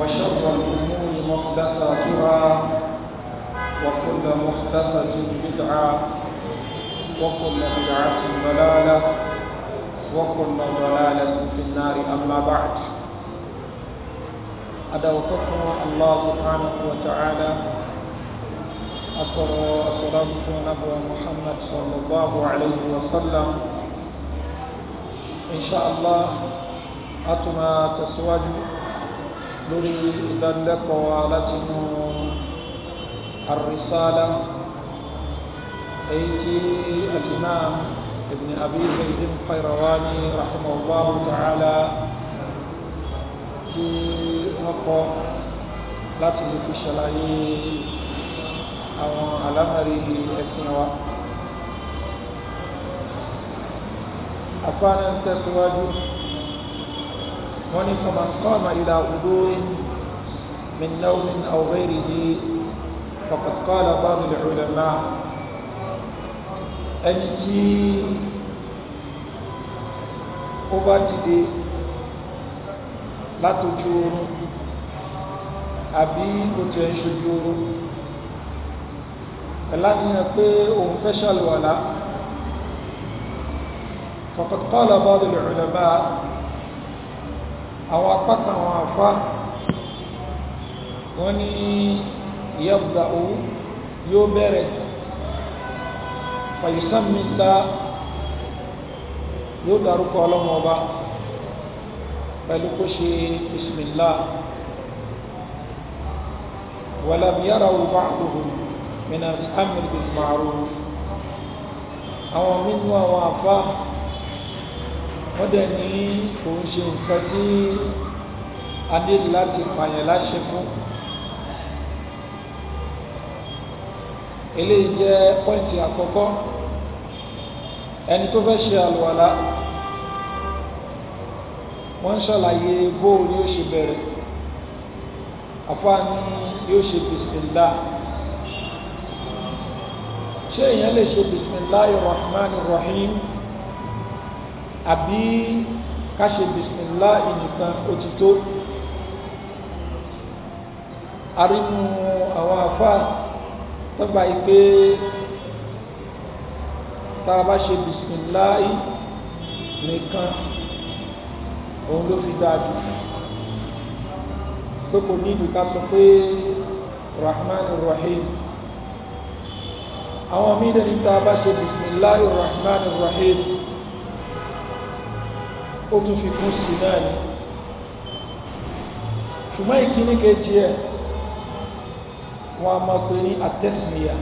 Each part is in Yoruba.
وشر الأمور محدثاتها وكل محدثة بدعة وكل بدعة ضلالة وكل ضلالة في النار أما بعد أدعوكم الله سبحانه وتعالى أصر صلاة نبو محمد صلى الله عليه وسلم إن شاء الله أتما تسواجه lórí ìdánilẹ́kọ̀ọ́ látinú àrísálà èyí tí al-imam ibn abi zayd al-qayrawani rahimahullahu ta'ala tí wọ́n kọ láti lè fi ṣàlàyé àwọn alámàrí ẹ̀sìn wa وني فمن قام الى وضوء من نوم او غيره فقد قال بعض العلماء انتي وباتدي لا تجور ابي وتنشجور الذي يقول فشل ولا فقد قال بعض العلماء àwọn apákan àwọn àfá wọ́n ní yabda owó yóò bẹ̀rẹ̀ fàyísàmìlá yóò dárúkọ ọlọ́mọba pẹ̀lú kó ṣe bisimilá wàlàmìyàrá wo bá àdúgbò mìíràn amìrì bìí àwọn mímú àwọn àfá wọ́n dẹ̀ ní kò ń ṣe nǹkan tí a ní láti pààyàn láṣẹ fún eléyìí jẹ́ pọ́ìntì àkọ́kọ́ ẹni tó fẹ́ ṣe àlùwàlá wọ́n ṣàlàyé bóò ni ó ṣe bẹ̀rẹ̀ àfáàní yóò ṣe bisimilá ṣé èèyàn lè ṣe bisimilá irrahman irrahim àbí ká ṣe bisimilá ìnìkan òtítọ́ arínú àwọn afá tọ́gbà ipé tàbá ṣe bisimilá nìkan òun ló fi dájú pé kò ní ìdíká sọ pé rahman rahim àwọn mídẹ̀ ní tàbá ṣe bisimilá rahman rahim ó tún fi kún sí náà ni ṣùgbọ́n ìkíní kejì ẹ̀ wọ́n a máa pè ní àtẹ́sìmíyà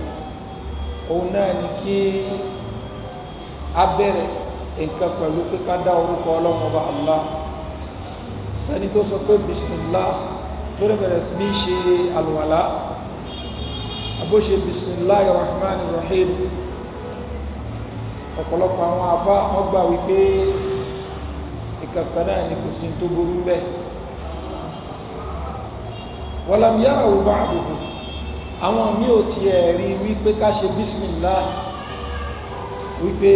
òun náà ni kí a bẹ̀rẹ̀ nǹkan pẹ̀lú pé ká dá orúkọ ọlọ́run ọba Allah tó sọ pé bisimilá tó lè bẹ̀rẹ̀ sí ní ṣe àlùwàlá àbóṣe bisimilá rahman rahim ọ̀pọ̀lọpọ̀ àwọn afá wọ́n wípé kankan náà ni kò sí tó burú bẹ́ẹ̀ wọ́lámiyá àwòbá àbùkù àwọn mi ò ti ẹ̀rí wípé ká ṣe bísmìlá wípé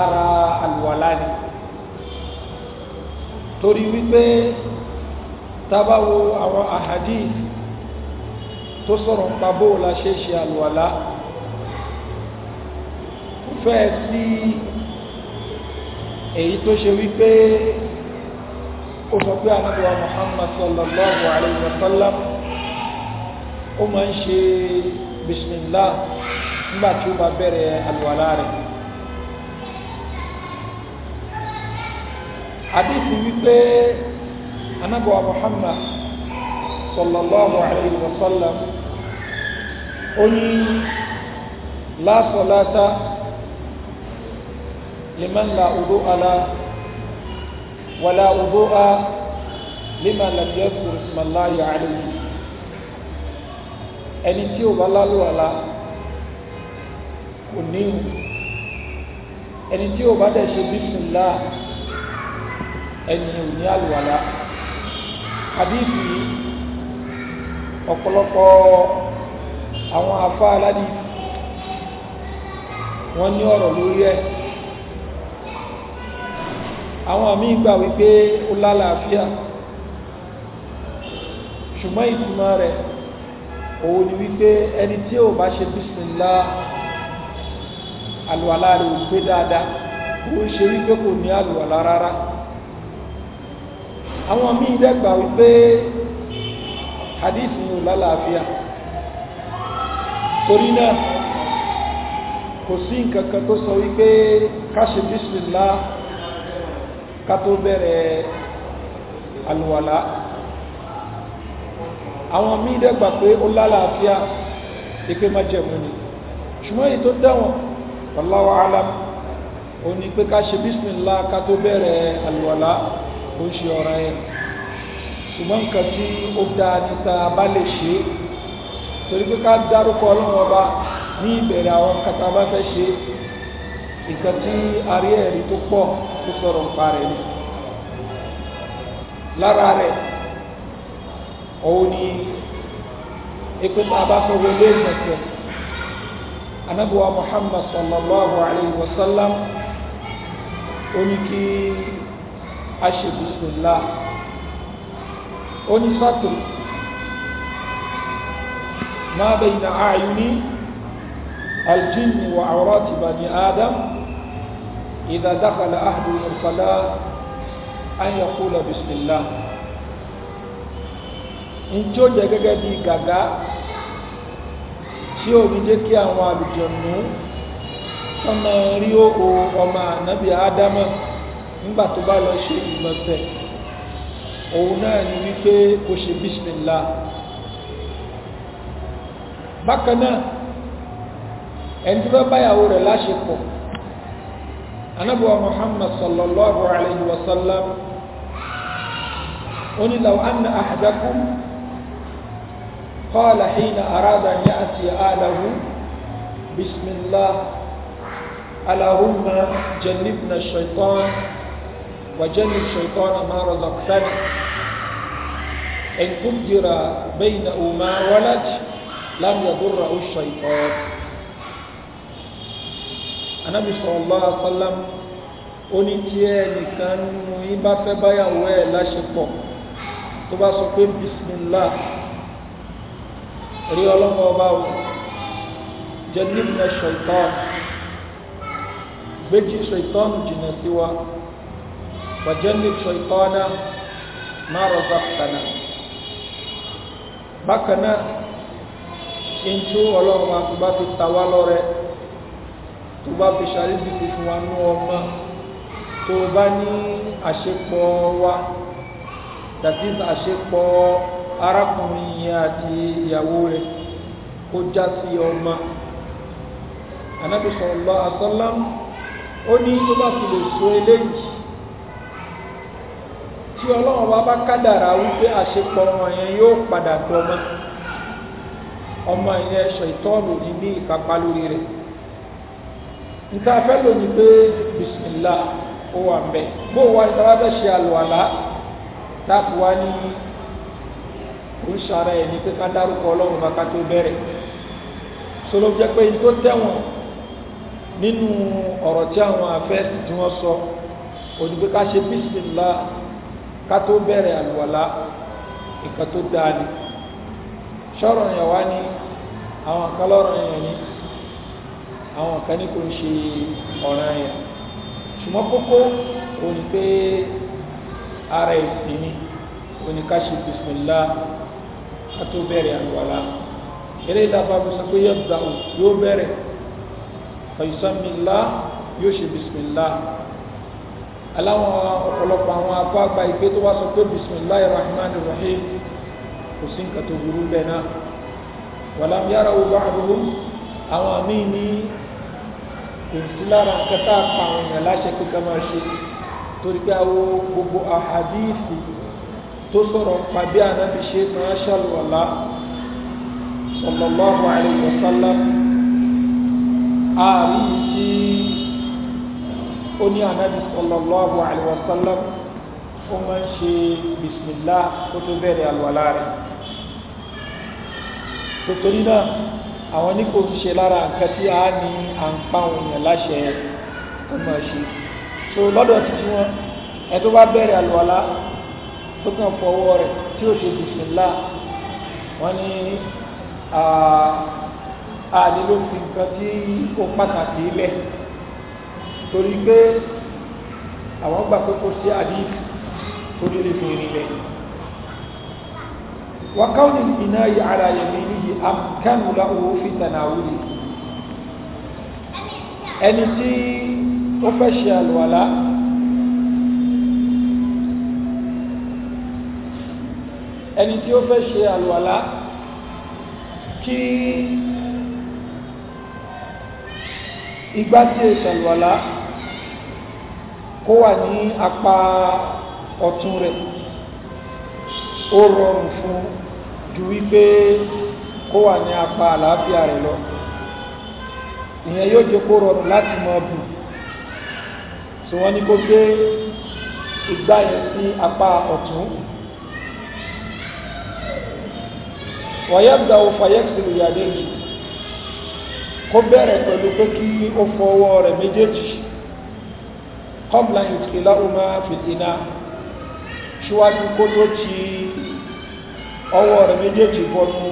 ara àlùwàlá ni torí wípé tábáwo àwọn àhàdí tó sọ̀rọ̀ pa bóòlá ṣe ṣe àlùwàlá fẹ́ sí èyí tó ṣe wípé ó sọ pé anábíwá muhammad sallallahu alayhi wa sallam ó máa ń ṣe bismillah nígbà tí ó bá bẹ̀rẹ̀ àlùwàlá rẹ̀ àdìsí wípé anábíwá muhammad sallallahu alayhi wa sallam ó ní la salata liman la wàlá òbóhá lima lam yadhkur ismallahi alayhi ẹni tí ò bá lálùwàlá kò níhù ẹni tí ò bá dẹ̀ ṣe bísmìlá ẹni ò ní àlùwàlá àdíìsì ọ̀pọ̀lọpọ̀ àwọn afá aládìsì wọ́n ní ọ̀rọ̀ lórí ẹ̀ àwọn àmì gbà wípé ó lálàáfíà ṣùgbọ́n ìtumọ̀ rẹ̀ òun ni wípé ẹni tí ó bá ṣe bísìnlá àlùwàlá rẹ̀ ò pé dáadáa ó ṣe wípé kò ní àlùwàlá rárá àwọn míì dẹ́gbà wípé hadith yìí ò lálàáfíà torí náà kò sí nǹkan tó sọ wípé ká ṣe bísìnlá ká tó bẹ̀rẹ̀ alùwàlá àwọn míì dẹ́gbà pé ó lálàáfíà ìpé májẹ̀mú ni ṣùgbọ́n èyí tó dẹ̀wọ̀n wallahu alam ó ní pé ká ṣe bísmìlá ká tó bẹ̀rẹ̀ alùwàlá ó ń ṣe ọ̀rọ̀ ẹ̀ ṣùgbọ́n nǹkan tí ó dáa níta bá lè ṣe torí pé ká dárúkọ ọlọ́run ọba ní ìbẹ̀rẹ̀ àwọn kàtàbá fẹ́ ṣe nǹkan tí arí ẹ̀rí tó pọ̀ tó sọ̀rọ̀ ń parẹ̀ ni lára rẹ̀ òun ni ikú tá a bá fẹ́ wọlé ìgbẹ̀sẹ̀ anábùwà Muhammad sallallahu alayhi wa sallam ó kí a ṣe bismillah ó ní sátìrì ما بين أعين الجن وعورات بني آدم إذا دخل أحد المرسلات أن يقول بسم الله إن jẹ gẹ́gẹ́ bí gàgá tí omi jẹ́ kí àwọn àlùjọ̀nù sọmọ rí òhò ọmọ ànábì ádámọ̀ nígbà tó bá lọ ṣe ìgbọ̀nsẹ̀ òun náà ni wípé kò ṣe bísmìlá bákan náà ẹni tó fẹ́ báyàwó rẹ̀ láṣepọ̀ anabuwa muhammad sallallahu alayhi wa sallam ó ní law anna ahadakum qala hina arada an ya'ti alahu bismillah allahumma jannibna ash-shaytan wa jannib ash-shaytana ma razaqtana in tubdira bayna ma walad lam yadurra ash-shaytan anábì sallallahu alaihi wasallam ó ní tí ẹnìkan nínú yín bá fẹ́ báyàwó ẹ̀ láṣepọ̀ tó bá sọ pé bisimilá rí ọlọ́mọ ọba o jannibna shaitan gbéjì shaitan jìnà sí wa wa jannib shaitana ma razaqtana bákan náà in tí ọlọ́run àti bá fi ta wá tó bá fi ṣàríbìtì fún wa ní ọmọ tó bá ní àṣepọ̀ wa that is àṣepọ̀ arákùnrin yẹn àti ìyàwó rẹ̀ ó já sí ọmọ anábì sallallahu alaihi wasallam ó ní tó bá fi lè so eléyìí tí ọlọ́run bá bá kádàrà wípé àṣepọ̀ wọn yẹn yóò padà dọmọ ọmọ yẹn ṣètọ́nù ní ní ìkápá lórí rẹ̀ ìta fẹ́ lò ní pé bisimilá ó wà mbẹ bó wà ní sábà bẹ́ ṣe àlùwàlá táàpù wá ní ó ń ṣara ẹ̀ ní pé ká dárúkọ ọlọ́run bá ká tó bẹ̀rẹ̀ sọlọ́ jẹ́ pé tó tẹ̀wọ̀n nínú ọ̀rọ̀ tí àwọn afẹ́sì tí wọ́n sọ òdìgbé ká ṣe bisimilá ká tó bẹ̀rẹ̀ àlùwàlá nǹkan tó dáa ni sọ̀rọ̀ yẹn wá ní àwọn kan lọ́rọ̀ yẹn ní àwọn kan ní kò ń ṣe ọ̀ràn yẹn ṣùgbọ́n kókó o ní pé ara ẹ̀sìn ni o ní ká ṣe bisimilá ká tó bẹ̀rẹ̀ àlùwàlá eré ìdábà bó sọ pé yọ̀bùdà ò yóò bẹ̀rẹ̀ ọ̀yùsọ́mìlá yóò ṣe bisimilá aláwọn ọ̀pọ̀lọpọ̀ àwọn apá àgbà ìgbé tó wá sọ pé bisimilá irahman irahim kò sí nǹkan tó burú bẹ́ẹ̀ náà wàlámiyára wo àbúrú àwọn míì ní kò kata lára kẹta pa àwọn èèyàn láṣẹ pé ká máa ṣe torí pé àwọn gbogbo àhàdíìsì tó sọ̀rọ̀ pa bí ànábi ṣe máa ṣàlùwàlá sallallahu alaihi wasallam ààrí tí ó ní ànábi sallallahu alaihi wasallam ó máa ń ṣe bismillah kó tó bẹ̀rẹ̀ àwọn ní kò ṣe lára nǹkan tí a ní à ń pa àwọn láṣẹ ọmọ ṣe so lọ́dọ̀ títí wọn ẹ tó bá bẹ̀rẹ̀ àlùwàlá tó kàn fọwọ́ rẹ̀ tí ó ṣe bìsìnlá wọ́n ní ààlè ló fi nǹkan tí ó pàtàkì ilẹ̀ torí pé àwọn gbà pé kò sí àdíf tó lè fi rìn lẹ́yìn وكون الإناء على يمينه أمكن له في تناوله ẹni tí ó fẹ́ ṣe àlùwàlá ẹni tí ó fẹ́ ṣe àlùwàlá kí igbá tí è ṣàlùwàlá kó wà ní apá ọ̀tún rẹ̀ ó rọrùn fún ju wípé kó wà ní apá àlàáfíà rẹ̀ lọ ìyẹn yóò jẹ́ kó rọrùn láti mọ bù tí wọ́n ní kó gbé igbá yẹn sí apá ọ̀tún wọ̀yẹ́bùdà òfà yẹ́kìsìlì ìyàdé yìí kó bẹ̀rẹ̀ pẹ̀lú pé kí ó fọwọ́ rẹ̀ méjèèjì kọ́bùlà ìtìlá ọmọ fìtínà ṣíwájú kó tó ti ọwọ́ rẹ̀ méjèèjì bọnú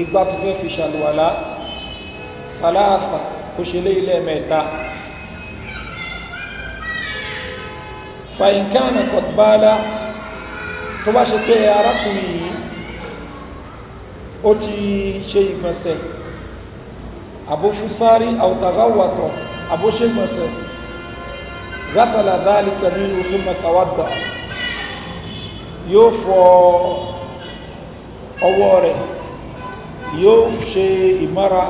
igbá tó fẹ́ fi ṣàlùwàlá sàláàsà kò ṣe lé ilẹ̀ mẹ́ta fàyínkánà kọ̀tbálá tó bá ṣe pé arákùnrin yìí ó ti ṣe ìgbọ̀nsẹ̀ àbófúsárí àwòtàgáwàtọ̀ àbóṣègbọ̀nsẹ̀ gásàlà dáàlì kẹrin ìlú fún mẹ́tàwádà yóò fọ́ ọ ọwọ́ rẹ̀ yóò ṣe ìmọ́ra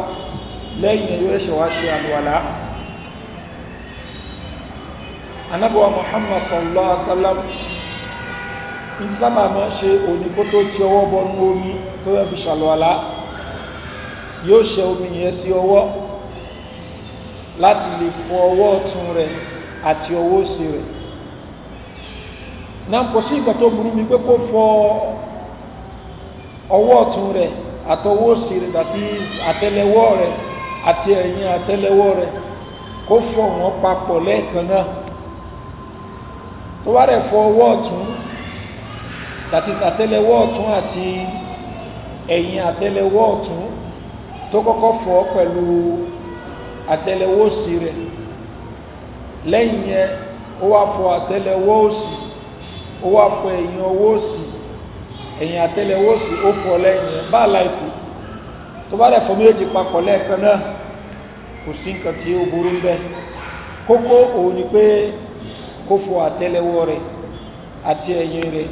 lẹ́yìn yóò ṣe wá ṣe àlùwàlá anábọ̀wà muhammad sallallahu alaihi wasallam ṣe òníkó tó ti ọwọ́ bọnú omi tó yẹ fi yóò ṣe omi sí ọwọ́ láti fọ ọwọ́ ọ̀tún rẹ̀ àti ọwọ́ rẹ̀ ọwọ́ ọ̀tún rẹ̀ àtọwọ́ òsì rẹ̀ àti àtẹlẹwọ́ rẹ̀ àti ẹ̀yìn àtẹlẹwọ́ rẹ̀ kó fọ̀ papọ̀ lẹ́ẹ̀kan náà tó wá rẹ̀ fọ ọwọ́ ọ̀tún àti àtẹlẹwọ́ ọ̀tún àti ẹ̀yìn àtẹlẹwọ́ ọ̀tún tó kọ́kọ́ pẹ̀lú fọ àtẹlẹwọ́ ẹ̀yìn àtẹ́lẹwọ́ sí ó fọ́ lẹ́yìn bá láìpù tó bá dẹ̀fọ́ méjì papọ̀ lẹ́ẹ̀kan náà kò sí nǹkan tí ó burú ń bẹ́ kókó òun ni pé kó fọ àtẹ́lẹwọ́ rẹ̀ àti ẹ̀yìn rẹ̀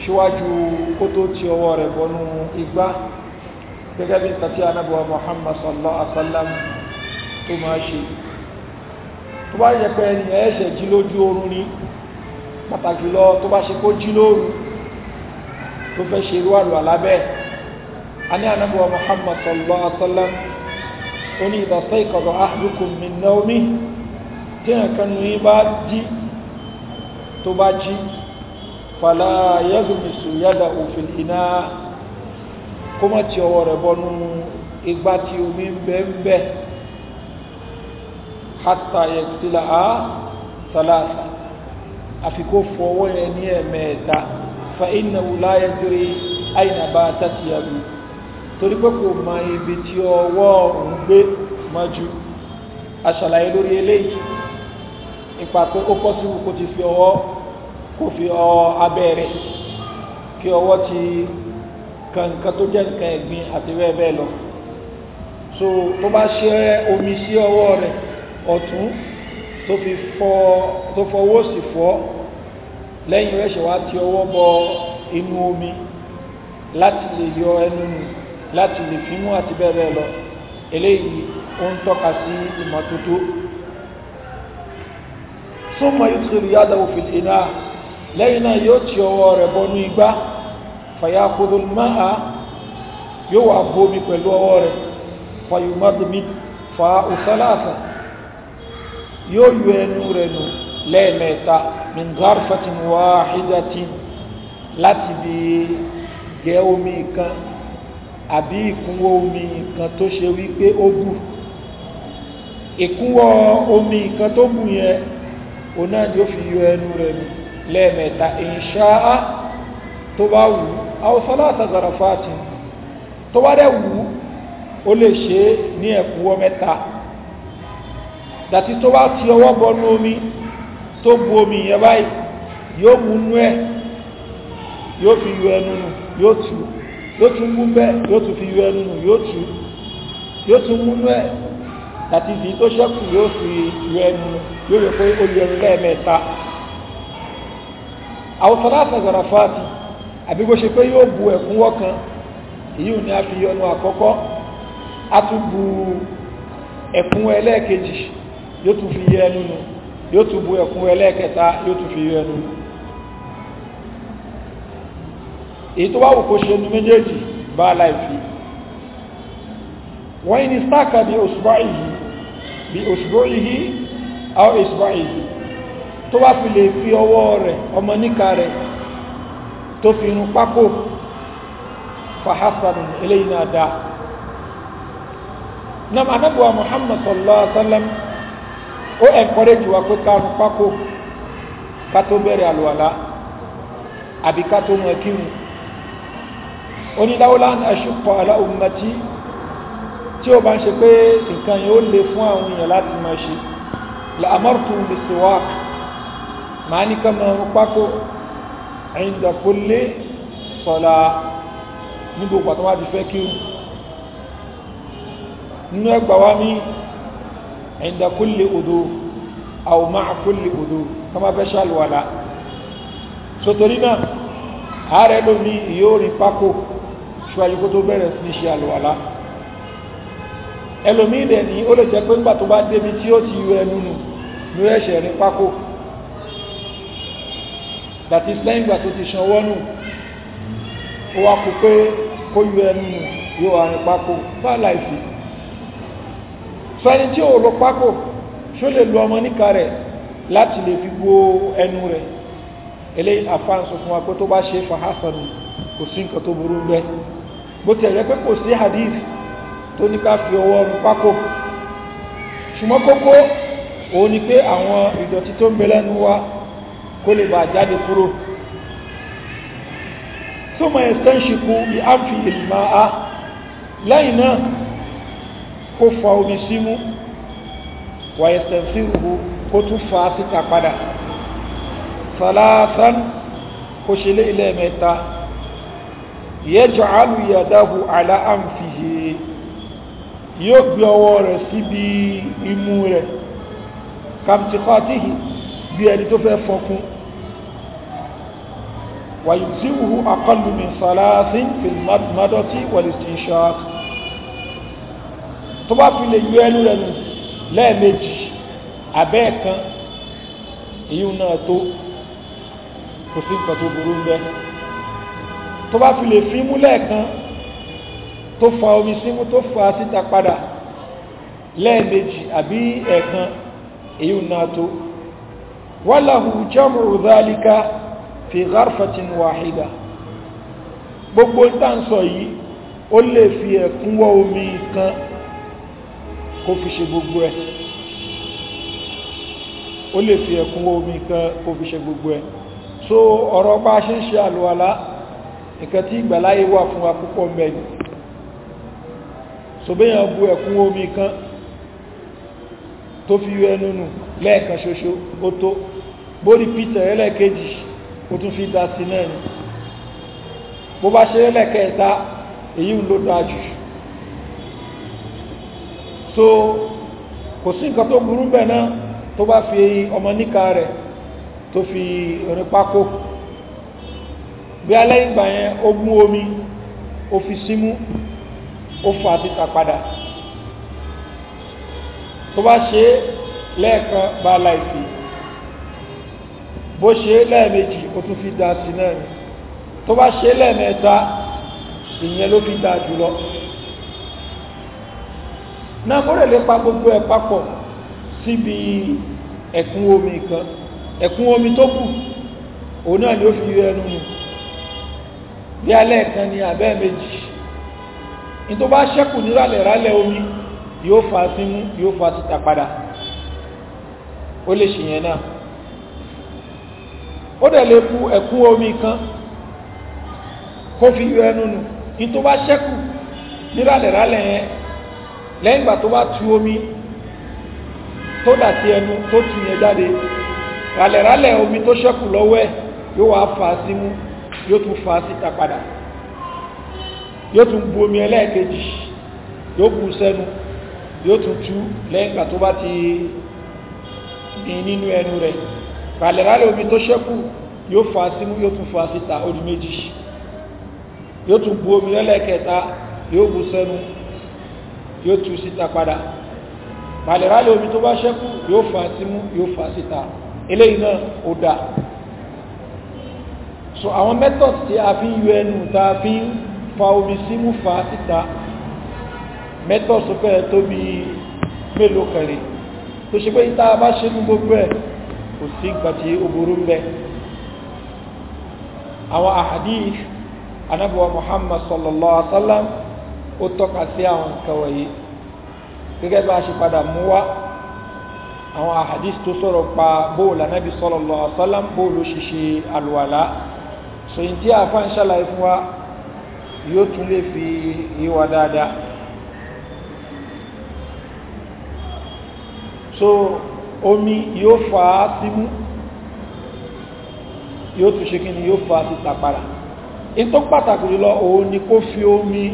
ṣíwájú kó tó ti ọwọ́ rẹ̀ bọnú igbá gẹ́gẹ́ bí nǹkan tí anábọ̀ Muhammad sallallahu alaihi tó máa ṣe tó bá yẹ pé ẹni jí ni pàtàkì lọ tó bá tó fẹ́ ṣe irú àlọ́ alábẹ́ ani anabiwa muhammad sallallahu alaihi wa sallam oni ìdásá ìkọ̀dọ̀ ahdukum min nawmi tí a kan ní bá jí tó bá jí fàlá yẹ́gùnmìsù yádà òfin iná kó má ti ọwọ́ rẹ̀ bọ́nú tí omi ń bẹ́ ń á sàlásà àfikó fọwọ́ yẹn ní ẹ̀mẹ́ta fa iná wùláyé tiri àyìnà bá tàti àbí torí pé kò mọ ibi tí ọwọ́ òun gbé mọ́jú aṣàlàyé lórí eléyìí nípa pé ó kọ́ sí kò ti fi ọwọ́ kò fi ọ abẹ́rẹ́ kí ọwọ́ ti kankan tó jẹ́ nǹkan ẹ̀gbin àti bẹ́ẹ̀ lọ so tó bá ṣe omi sí ọwọ́ rẹ̀ ọ̀tún tó fi fọwọ́ sí fọ́ lẹ́yìn rẹ̀ ṣe wá ti ọwọ́ bọ inú omi láti lè yọ ẹnu nù láti lè fímú àti bẹ́ẹ̀ bẹ́ẹ̀ lọ eléyìí ó ń tọ́ka sí ìmọ́tótó súnmọ́ yóò tó yádà òfin iná lẹ́yìn náà yóò ti ọwọ́ rẹ̀ bọnú igbá fàyà máa yóò wà bómi pẹ̀lú ọwọ́ rẹ̀ fàyùmọ́dùmí fa òsálàsà yóò yọ ẹnu rẹ̀ nù lẹ́ẹ̀mẹ́ta min gharfatin wahidatin láti bí gẹ omi kan àbí ìkúnwọ́ omi kan tó ṣe wípé ó bù ìkúnwọ́ omi kan tó bù yẹn òun náà ni ó fi yọ ẹnu rẹ̀ nù lẹ́ẹ̀mẹ́ta insha'a tó bá wù aw salasa gharafatin tó bá dẹ̀ wù ó lè ṣe ní ẹ̀kúnwọ́ mẹ́ta dàtí tó bá ti ọwọ́ bọnú omi tó bu omi yẹn báyìí yóò mú nú ẹ̀ yóò fi yọ ẹnu nù yóò tù yóò tún mú bẹ́ẹ̀ yóò tún fi yọ ẹnu nù yóò tù yóò tún mú nú ẹ̀ àti ìdí tó ṣẹ́kù yóò fi yọ ẹnu yóò yẹ pé ó yẹnu lẹ́ẹ̀mẹ́ta àwọn sọláṣà zarafati àbí bó ṣe pé yóò bu ẹ̀kún wọ́kan èyí ni a fi yọnu àkọ́kọ́ a tún bu ẹ̀kún ẹlẹ́ẹ̀kejì yóò tún fi yẹ ẹnu nù yóò tún bu ẹkún ẹlẹ́ẹ̀kẹta yóò tún fi ẹnu èyí tó wá wù kó ṣe ní méjèèjì bá láìfi wọ́n yìí ni sáàkà bí òṣùbá ìhì bí òṣùbá ìhì àwọn òṣùbá ìhì tó wá fi lè fi ọwọ́ rẹ̀ ọmọ níka rẹ̀ tó fi irun pákó fàhásánù eléyìí náà dáa nam anábùwà muhammad sallallahu alaihi wasallam ó encourage wa pé ká rún pákó ká tó bẹ̀rẹ̀ àlùwàlá àbí ká tó mọ kírun oníláwọlá aṣọpọ àlá ummati tí ó bá ń ṣe pé nǹkan yìí ó le fún àwọn èèyàn láti máa ṣe la amartu bisiwak màá ní ká máa rún pákó inda kulli sọlá ní gbogbo àtọwádìí fẹ́ kírun nínú ẹgbàá wa عند كل udu أو مع كل udu كما بشال ولا. sotori náà ààrẹ lómi yóò rìn pákó ṣíwájú نشال ولا. bẹ̀rẹ̀ sí ṣe àlùwàlá ẹlòmí ilẹ̀ ní ó lè jẹ́ pé ńgbà tó bá débi tí ó ti yọ ẹnu nù ló ẹ̀ṣẹ̀ rìn pákó dàtí lẹ́yìn tó ti ṣanwọ́ nù ó wá kó pé kó yọ ẹnu nù yóò àrìn pákó bá sẹ́ni tí ò lo pákò ṣó lè lo ọmọ níka rẹ̀ láti lè fi gbó ẹnu rẹ̀ eléyìí àfáàn fún wa pé tó bá ṣe fàhásánù kò sí nǹkan tó burú bẹ́ẹ̀ bó ti ẹ̀yẹ pé kò sí hadith tó ní ká fi ọwọ́ ọrùn pákò ṣùgbọ́n kókó òun ni pé àwọn ìdọ̀tí tó ń bẹ lẹ́nu wa kó lè bà jáde kúrò tó ẹ̀sẹ̀ ń ṣe kú ìhámfì ìlmà á lẹ́yìn náà kó fọ omi símú wàyẹ̀sẹ̀fíhù kó tún fà á síta padà salasan kó ṣe lé ilẹ̀ mẹ́ta yẹ́jọ alùyàdáhù aláàmfihè yóò gbé ọwọ́ rẹ̀ síbi imú rẹ̀ kàmtìkọ́tìhì bí ẹni tó fẹ́ fọkún wàyùsíhù akọlùmí salasin fil madmadati wal istinshaq tó bá fi lè yọ ẹnu rẹ̀ nù lẹ́ẹ̀mejì abẹ́ kan èyí náà tó kò sí nǹkan tó burú ń bẹ tó bá fi lè fi mú lẹ́ẹ̀kan tó fa omi símú tó fa síta padà lẹ́ẹ̀mejì àbí ẹ̀kan èyí náà tó wàláhù jámùrù dhalika fi gharfatin wahida gbogbo tá yìí ó lè fi ẹ̀kúnwọ́ omi kan kó fi ṣe gbogbo ẹ̀ ó lè fi ẹ̀kún omi kan kó fi ṣe gbogbo ẹ̀ so ọ̀rọ̀ bá ṣe ń ṣe àlùwàlá nǹkan tí ìgbàláyé wà fún wa púpọ̀ mẹ́rin so béèyàn bu ẹ̀kún omi kan tó fi yọ ẹnu nù lẹ́ẹ̀kan ṣoṣo ó tó bórí peter ẹlẹ́ẹ̀kejì ó tún fi dá sí náà ni bó bá ṣe ẹlẹ́ẹ̀kẹta èyí ń ló dáa jù so kò sí nǹkan tó burú bẹ̀ náà tó bá fi ọmọ níka rẹ̀ tó fi rin pákó bí alẹ́ ìgbà yẹn ó mú omi ó fi símú ó fà títa padà tó bá ṣe lẹ́ẹ̀kan bá láìsí bó ṣe lẹ́ẹ̀mejì ó tún fi dá sí náà ni tó bá ṣe lẹ́ẹ̀mẹ́ta ìyẹn ló fi dá jùlọ na kọ́rẹ̀ lè pa gbogbo si papọ̀ síbi omi kan ẹ̀kún omi tó kù òun náà ni ó fi ẹnu mu bí alẹ́ kan ni abe méjì ní tó bá ṣẹ́kù nírálẹ̀ rálẹ̀ omi yóò fa símú yóò fa síta padà ó lè ṣìyẹn náà ó dẹ̀ lè bu ẹ̀kún omi kan kó fi yọ ẹnu ní tó bá ṣẹ́kù nírálẹ̀ rálẹ̀ lẹ́yìn ìgbà tó bá tú omi tó dà sí ẹnu tó tú yẹn jáde rálẹ̀rálẹ̀ omi tó ṣẹ́kù lọ́wọ́ ẹ̀ yóò wá fà á símú yóò tún fà á síta padà yóò tún bu omi ẹlẹ́ẹ̀kejì yóò bu sẹ́nu yóò tún tú lẹ́yìn ìgbà tó bá ti ní nínú ẹnu rẹ̀ rálẹ̀rálẹ̀ omi tó ṣẹ́kù yóò fà á símú yóò tún fà á síta ó méjì yóò tún bu omi ẹlẹ́ẹ̀kẹta yóò bu sẹ́nu yóò tú síta padà bàlẹ̀rálì omi tó bá ṣẹ́kù yóò fà símú yóò fà síta eléyìí náà ó dá so àwọn method tí a fi ń yọ ẹnu ta fi ń fa omi símú fà síta method tó fẹ́ tó bí mélòó kẹrì tó ṣe pé ìta bá ṣe ní gbogbo ẹ̀ kò sí ìgbà tí ń bẹ àwọn ahadith anábọ̀wà muhammad sallallahu alaihi wasallam ó tọ́ka sí àwọn nǹkan wọ̀nyí gẹ́gẹ́ bá a ṣe padà mú wá àwọn ahadis tó sọ̀rọ̀ pa bóòlù anábì sallallahu alaihi wasallam bóòlù ṣíṣe àlùwàlá sòyìn tí àfa ń ṣàlàyé fún wa yóò tún lè fi yíwa dáadáa so omi yóò fà á símú yóò tún ṣe kí ni yóò fà á sí tàpàrà in pàtàkì jùlọ òun ni kó fi omi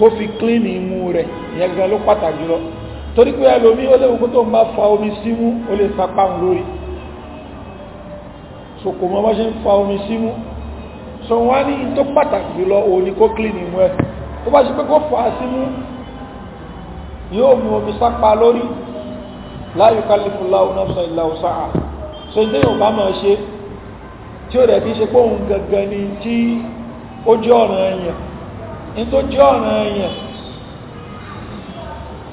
kó fi clean imú rẹ̀ ìyẹn gangan ló pàtàkì jùlọ torí pé ẹlòmí ó léwu kó tó ń bá fa omi símú ó lè sapá ń lórí so kò mọ́ bá ṣe ń fa omi símú so wọ́n á ní tó pàtàkì jùlọ òun ni kó clean imú ẹ̀ tó bá ṣe pé kó fà símú yóò mú omi sápá lórí láyé kálífù láwọn sọ ìlà òsáà so ní yóò bá máa ṣe tí ó rẹ̀ kí ṣe pé òun gangan ni tí ó jẹ́ ọ̀ràn ẹ̀yàn ní tó jẹ́ ọ̀ràn èèyàn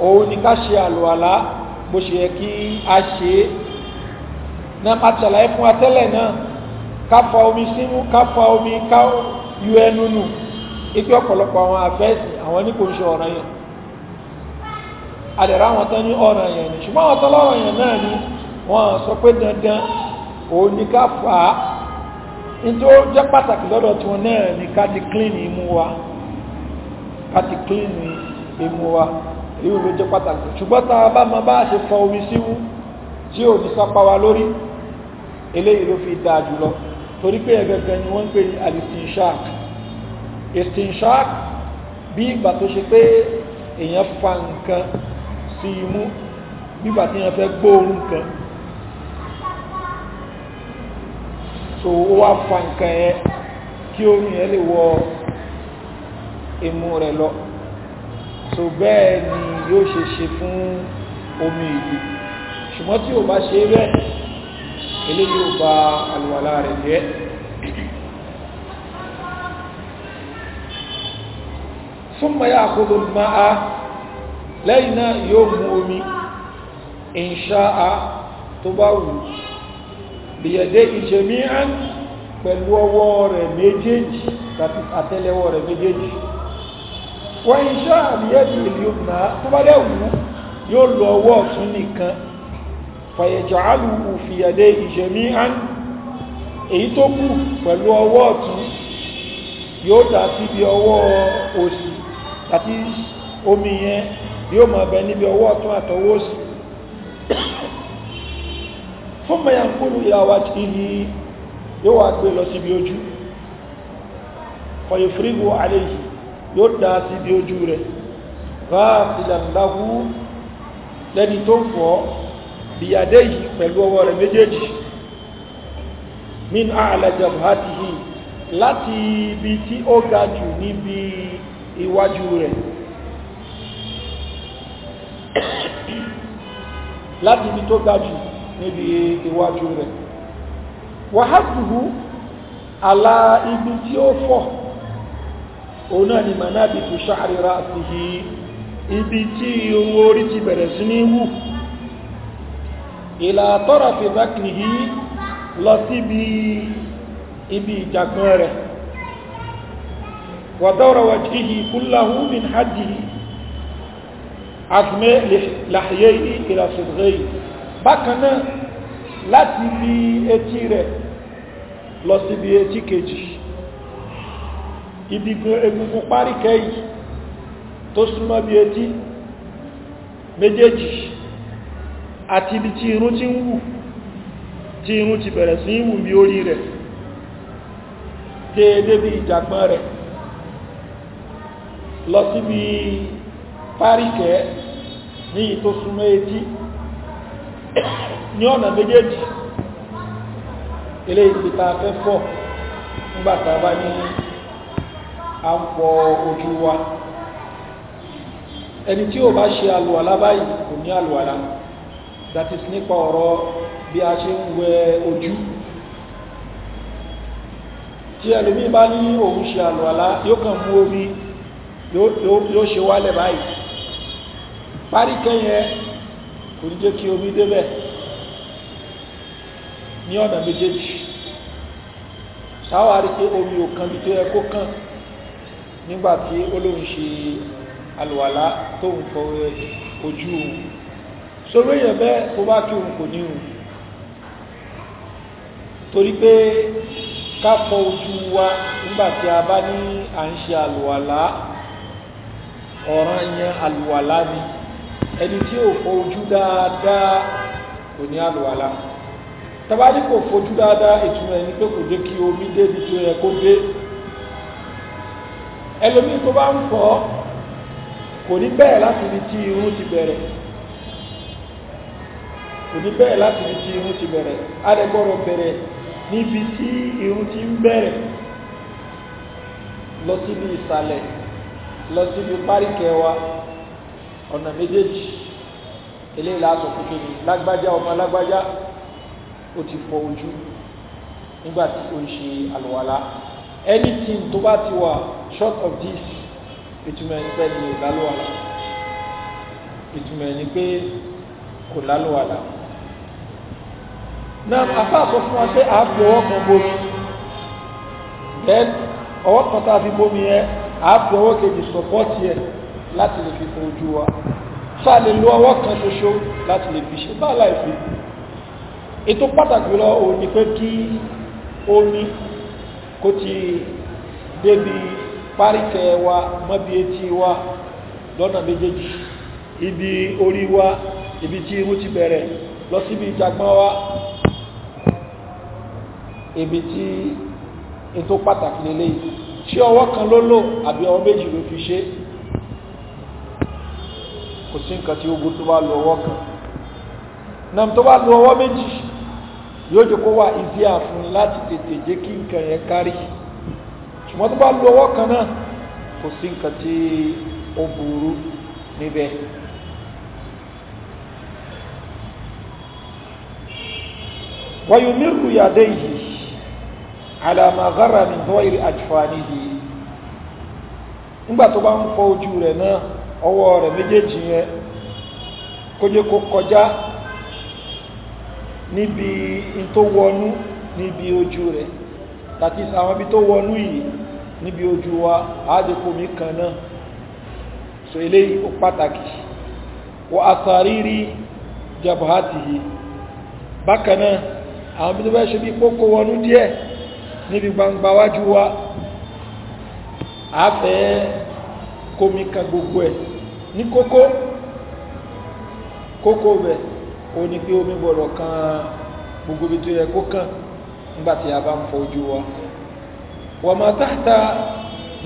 òun ni ká ṣe àlùwàlá bó ṣe yẹ kí a ṣe é náà má ṣàlàyé fún wa tẹ́lẹ̀ náà ká fa omi símú ká fa omi ká yọ ẹnu nù ipe ọ̀pọ̀lọpọ̀ àwọn àfẹ́sì àwọn ní kò ń ṣe ọ̀ràn yẹn àdẹ̀rẹ̀ àwọn tán ní ọ̀ràn yẹn ni ṣùgbọ́n àwọn tán lọ́rọ̀ yẹn náà ni wọ́n sọ pé dandan òun ni ká fà á nítorí jẹ́ pàtàkì lọ́dọ̀ tí wọn náà ni ká ti clean imú wa káti kílìnì imú wa irú ló jẹ́ pàtàkì ṣùgbọ́n tá a bá ma bá ṣe fọ omi síwú tí ò ní sápá wa lórí eléyìí ló fi dáa jùlọ torí pé ẹ̀gẹ̀gẹ̀ ni wọ́n ń pè ní alistinshak istinshak bí ìgbà tó ṣe pé èèyàn fa nǹkan sí imú bí ìgbà tí èèyàn fẹ́ gbóòórùn nǹkan so ó wá fa nǹkan yẹn kí omi yẹn lè wọ imú rẹ̀ lọ so bẹ́ẹ̀ ni yóò ṣe ṣe fún omi ìlú ṣùgbọ́n tí ò bá ṣe bẹ́ẹ̀ ilé yóò bá alùwàlá rẹ̀ jẹ́ súnmọ̀ yá àkóso máa lẹ́yìn náà yóò mú omi ìṣáà tó bá wù bìyàdé ìṣẹ̀mí pẹ̀lú ọwọ́ rẹ̀ méjèèjì àtẹ́lẹwọ́ rẹ̀ méjèèjì wọ́n iṣẹ́ àmìyẹ́dì ìlúùnà tó bá dẹ̀wù yóò lọ ọwọ́ ọ̀tún nìkan fàyẹ̀jà alùkù fìyàdé ìṣẹ̀mí án èyí tó kù pẹ̀lú ọwọ́ ọ̀tún yóò dà síbi ọwọ́ òsì omi yẹn yóò bẹ níbi ọwọ́ ọ̀tún àtọwọ́ òsì fún ìyàwó àti yóò wà gbé lọ síbi yóò dá sí bí ojú rẹ̀ báàtìlàláwú lẹ́ni tó ń fọ́ bíyàdé yìí pẹ̀lú ọwọ́ rẹ̀ méjèèjì min àlẹ́jọ̀báàtìhì láti ibi tí ó ga jù níbi iwájú rẹ̀ láti ibi tó ga jù níbi iwájú rẹ̀ wàhálùú àlà ibi tí ó fọ́ ona ni manabi tu ṣáàrí ra'sihi ibi tí irun orí ti bẹ̀rẹ̀ sí ní wu ìlà tarafi dhakrihi lọ síbi ibi ìjàgbọ́n rẹ̀ wa dawra wajhihi kullahu min hajjihi asme lahyeyi ila sidgheyi bakana náà láti bí etire rẹ̀ lọ síbi etikeji ibi gan egungun parí kẹ́yì tó súnmọ́ bí etí méjèèjì àti ibi tí irun ti ń wù tí irun ti bẹ̀rẹ̀ sí wù bí orí rẹ̀ déédé bí ìjàgbọ́n rẹ̀ lọ síbi páríkẹ́ ní ìtò súnmọ́ etí ní ọ̀nà méjèèjì ilé ìpìta afẹ́fọ́ nígbàtà bá ní à ń fọ ojú wa ẹni tí ò bá ṣe àlùwàlá báyìí kò ní àlùwàlá that is nípa ọ̀rọ̀ bí a ṣe ń wẹ ojú tí ẹlòmí bá ní òun ṣe àlùwàlá yóò kàn mú omi yóò ṣe wálẹ̀ báyìí parí kẹyẹ kò ní jẹ́ kí omi débẹ̀ ní ọ̀nà méjèèjì táwa rí pé omi ò kan bí tó yẹ kàn nígbà tí olóhùn ṣe alùwàlá tó ń fọ ojú òun sórí èèyàn bẹ́ẹ̀ tó bá kí òun kò ní òun torí pé ká fọ ojú wa nígbà tí a bá ní à ń ṣe alùwàlá ọ̀ràn yẹn alùwàlá ni ẹni tí ò fọ ojú dáadáa kò ní alùwàlá tabadí kò fojú dáadáa ìtumọ̀ ẹni pé kò dé kí omi débi tó yẹ kó dé ẹlòmí tó bá ń fọ́ kò ní bẹ́ẹ̀ láti ibi tí irun ti bẹ̀rẹ̀ kò ní bẹ́ẹ̀ láti ibi tí irun ti bẹ̀rẹ̀ adẹ́gbọ́rọ̀ bẹ̀rẹ̀ níbi tí irun ti ń bẹ̀rẹ̀ lọ síbi ìsàlẹ̀ lọ síbi páríkẹwa ọ̀nà méjèèjì eléyìí láàtò kúkú ni lágbájá ọmọ lágbájá ó ti fọ ojú nígbà tí ó ń ṣe àlùwàlá anything tó bá ti wà short of this ìtumọ̀ ẹni pé ni ò lálùwàlà ìtumọ̀ ẹni pé kò lálùwàlà náà afá sọ fún wa pé a ọwọ́ kan bomi then ọwọ́ kan tá a fi bomi yẹn a ọwọ́ kejì support yẹ láti lè fi kún ojú wa sáà lè lo ọwọ́ kan ṣoṣo láti lè fi ṣe bá láìfi ètò pàtàkì lọ òun ni pé kí omi kó ti débi párítẹ̀ wa mọ́bí wa lọ́nà méjèèjì ibi orí wa ibi tí irú ti bẹ̀rẹ̀ lọ síbi ìjàgbọ́n wa ibi tí ètò pàtàkì lélẹ̀ ṣé ọwọ́ kan ló lò àbí ọwọ́ méjì ló fi ṣe kò sí nǹkan tí ogun tó bá lo ọwọ́ kan náà tó bá lo ọwọ́ méjì yóò jẹ́ kó wà ìdí àfún láti tètè jẹ́ kí nǹkan yẹn kárí yìí ṣùgbọ́n tó bá lu ọwọ́ kan náà kò sí nǹkan tí ó burú níbẹ̀ wayumiru yadayhi ala ma ghara min ghayri ajfanihi nígbà tó bá ń fọ ojú rẹ̀ náà ọwọ́ rẹ̀ méjèèjì yẹn kójé kó kọjá níbi tó wọnú níbi ojú rẹ̀ that is àwọn tó wọnú yìí níbi ojú wa àádìkò mi kan náà so eléyìí ó pàtàkì wọ́n àtàrírí jabahati yìí bákan náà àwọn bí ṣe bí wọnú díẹ̀ níbi gbangba wájú wa àfẹ́ kómi kan gbogbo ẹ̀ ní kókó kókó ó ní kan gbogbo ibi tó wa wàmà tahta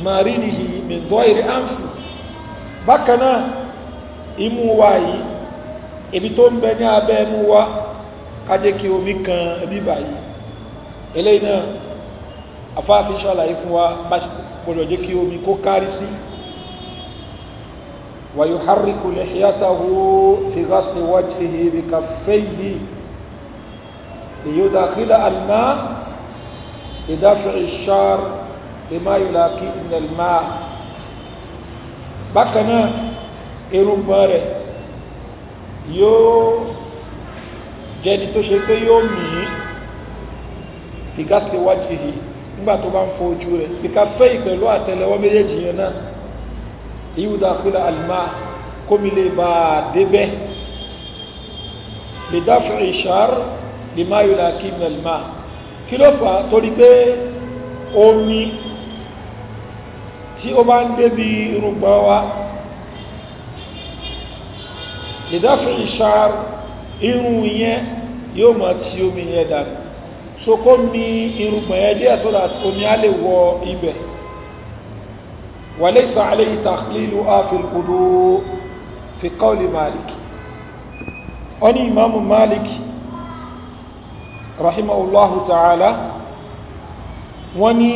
màrínìhì mìndọ́ ìrì àǹfì bákan náà imú wa yìí ibi tó ń bẹ ní abẹ́ ẹnu wa kájẹ́ kí omi kan ẹbí báyìí eléyìí náà afáàfin ṣàlàyé fún wa gbọdọ̀ jẹ́ kí omi kó kárí sí wàyò harriku lẹ́hìyátahu fi ghasli wajhihi bi kaffayhi li yudkhila al-ma' بدفع الشار بما يلاقي من الماء bákan náà irúgbọ́n rẹ̀ yóò jẹni tó ṣe pé yóò mìí fìkásí wájì yìí nígbà tó bá ń fọ ojú rẹ̀ fìkásẹ́ ìpẹ̀lú àtẹlẹwọ́ méjèèjì yẹn náà ìwúdà kúlẹ̀ àlùmá kómi lè bá a débẹ̀ lè dáfẹ́ ìṣàr lè má yóò lákì mẹ́lìmáà kí ló fà á torí pé omi tí ó bá ń débi irùngbọ̀n wa ìdáfin ìṣàr irun yẹn yóò máa ti omi yẹn dànù so kó mi irùngbọ̀n yẹn díẹ̀ so that omi á lè wọ ibẹ̀ وليس عليه تخليلها في القلوب في قول مالك أني إمام مالك rahimahullahu ta'ala wọ́n ní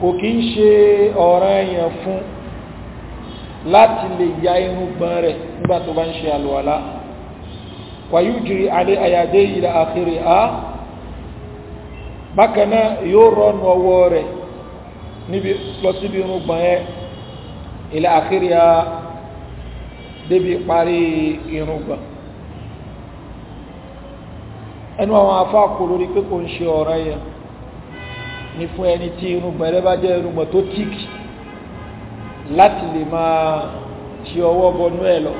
kò kí ń ṣe ọ̀ràn èèyàn fún láti lè ya irun gbọ́n rẹ̀ nígbà tó bá ń ṣe àlùwàlá wàyújìrì alẹ́ àyàdé ila akhiri a bákaná yóò rọnu ọwọ́ rẹ̀ níbi lọ síbi ẹ ila akhiri a débi parí irun ẹnu àwọn afá kò lórí pé kò ń ṣe ọ̀rọ̀ yẹn ni fún ẹni tí irùngbọ̀n rẹ̀ bá jẹ́ irùngbọ̀n tó tíkì láti lè máa ṣe ọwọ́ bọnú ẹ̀ lọ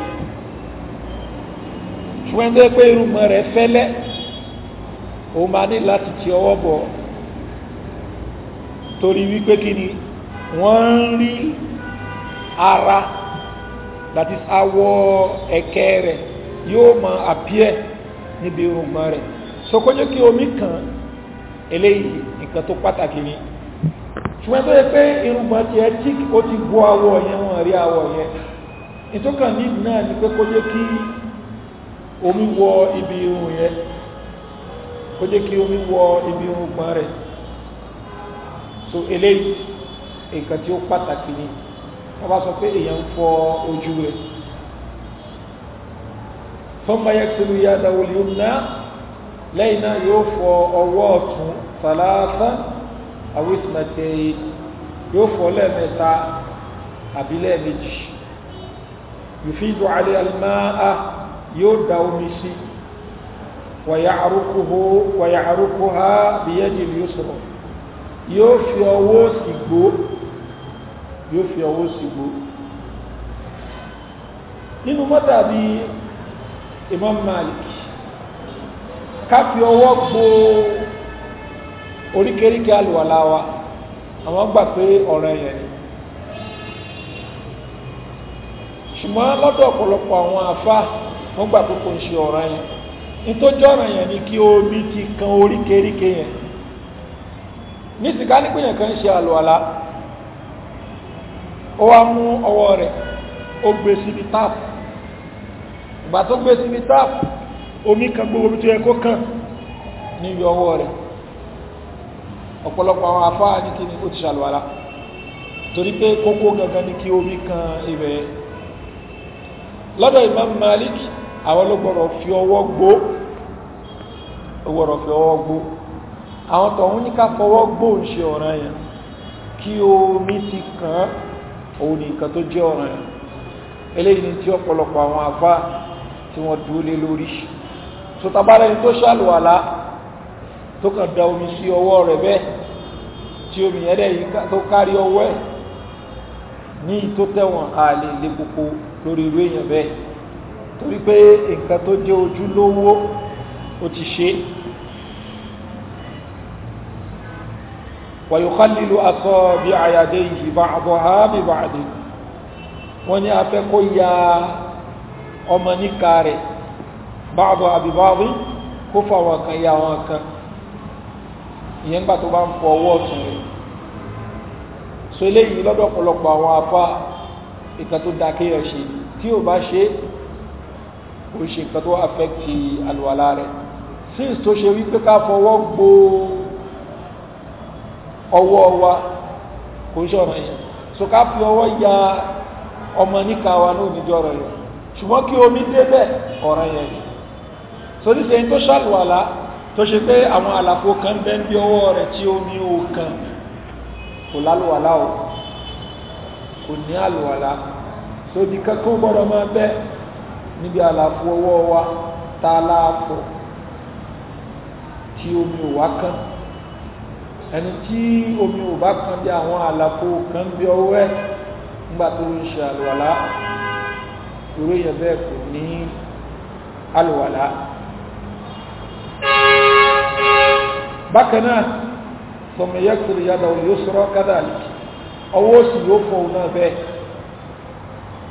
ṣùgbọ́n tó yẹ pé irùngbọ̀n rẹ̀ fẹ́lẹ́ òun máa ní láti ti ọwọ́ bọ̀ torí wípé kí ni wọ́n ń rí ara that is awọ ẹ̀kẹ́ rẹ̀ yóò máa appear níbi irùngbọ̀n rẹ̀ so kó jẹ́ kí omi kàn eléyìí nǹkan tó pàtàkì ni ṣùgbọ́n tó yẹ pé irùngbọ̀n ti ẹ tí ó ti bọ́ awọ yẹn wọ́n rí awọ yẹn ìtókàn ní náà ni pé kó jẹ́ kí omi wọ ibi irun yẹn kó jẹ́ kí omi wọ ibi irùngbọ̀n rẹ̀ so eléyìí nǹkan tí ó pàtàkì ni wọ́n bá sọ pé èèyàn ń fọ ojú rẹ̀ fọ́nbáyẹ́sìlú yá dáwọlì ó náà lẹ́yìn náà yóò fọ ọwọ́ ọ̀tún sàlátán àwísìmẹ̀tẹ̀ yóò fọ lẹ́ẹ̀mẹ́ta àbí lẹ́ẹ̀mejì yùfídù alẹ́ alìmáà yóò da omi sí wàyàrúkú ha bí yẹ́dì yóò sọ̀rọ̀ yóò fi ọwọ́ sí yóò fi ọwọ́ sí nínú mọ́tàbí imam malik káfí ọwọ́ gbo oríkèríkè àlùwàlá wa àwọn gbà pé ọ̀rọ̀ ẹ̀yẹ̀ ni ṣùgbọ́n lọ́dọ̀ ọ̀pọ̀lọpọ̀ àwọn àfá wọ́n gbà pé kò ń ṣe ọ̀rọ̀ ẹ̀yẹ̀ ọ̀rọ̀ ẹ̀yẹ̀ ni kí omi ti kan oríkèríkè yẹn ní sìká kan ṣe àlùwàlá ó wá mú ọwọ́ rẹ̀ ó gbé omi kan gbogbo bí tó yẹ kó kàn ní yọ ọwọ́ rẹ̀ ọ̀pọ̀lọpọ̀ àwọn afáà ní kí ni ó ti ṣàlùwàlá torí pé kókó gangan ní kí omi kan ibẹ̀ lọ́dọ̀ Imam Malik àwọn ló gbọ́dọ̀ fi ọwọ́ gbó gbọ́dọ̀ fi ọwọ́ gbó àwọn tọ̀hún ní ká fọwọ́ gbó ń ṣe ọ̀ràn yẹn kí omi ti kàn òun ní nǹkan tó jẹ́ ọ̀ràn yẹn eléyìí ni tí ọ̀pọ̀lọpọ̀ àwọn afáà tí wọ́n dúró lé lórí ṣe sotabalẹ̀ ni tó ṣàlùwàlá tó kàn da omi sí ọwọ́ rẹ̀ bẹ́ẹ̀ tí omi yẹn dẹ̀ yìí tó kárí ọwọ́ ẹ̀ ní tó tẹ̀wọ̀n àlè lè gbogbo lórí irú èèyàn bẹ́ẹ̀ torí pé nǹkan tó jẹ́ ojúlówó ó ti ṣe wàyùkálìlú aṣọ bí àyàdé yìí bá àbọ̀ ààbì bá àdé wọ́n ní afẹ́kọ́ ya ọmọ níka rẹ̀ báàbọ̀ àbíbáàbí kó fàwọn kan ya àwọn kan ìyẹn gbà tó bá ń fọ ọwọ́ ọ̀tún rẹ̀ so eléyìí lọ́dọ̀ ọ̀pọ̀lọpọ̀ àwọn afá ìkan tó dá kéèyàn ṣe tí ò bá ṣe kò ṣe nǹkan tó affecti àlùwàlá rẹ̀ since tó ṣe wípé ká fọwọ́ gbo ọwọ́ wa kò ń ṣọ̀rọ̀ yẹn so ká fi ọwọ́ ya ọmọ níka wa ní oníjọ́ ọ̀rọ̀ yẹn ṣùgbọ́n kí omi débẹ̀ ọ̀rọ̀ yẹn ni torí ṣe tó ṣàlùwàlá tó ṣe pé àwọn àlàfo kan bẹ́ ń bí ọwọ́ rẹ̀ tí ó ní òkan kò lálùwàlá o kò ní àlùwàlá tó di kankan gbọ́dọ̀ máa bẹ́ níbi àlàfo ọwọ́ wa tá a láàfọ̀ tí omi ò wá kán ẹni tí omi ò bá kán bí àwọn àlàfo kan bí ọwọ́ ẹ̀ nígbà tó ń ṣe àlùwàlá orí yẹn bẹ́ẹ̀ kò ní àlùwàlá. bákan náà sọmọ yẹsùrù yàdà òun yóò sọ̀rọ̀ kádàlì ọwọ́ òsì yóò fọ òun náà bẹ́ẹ̀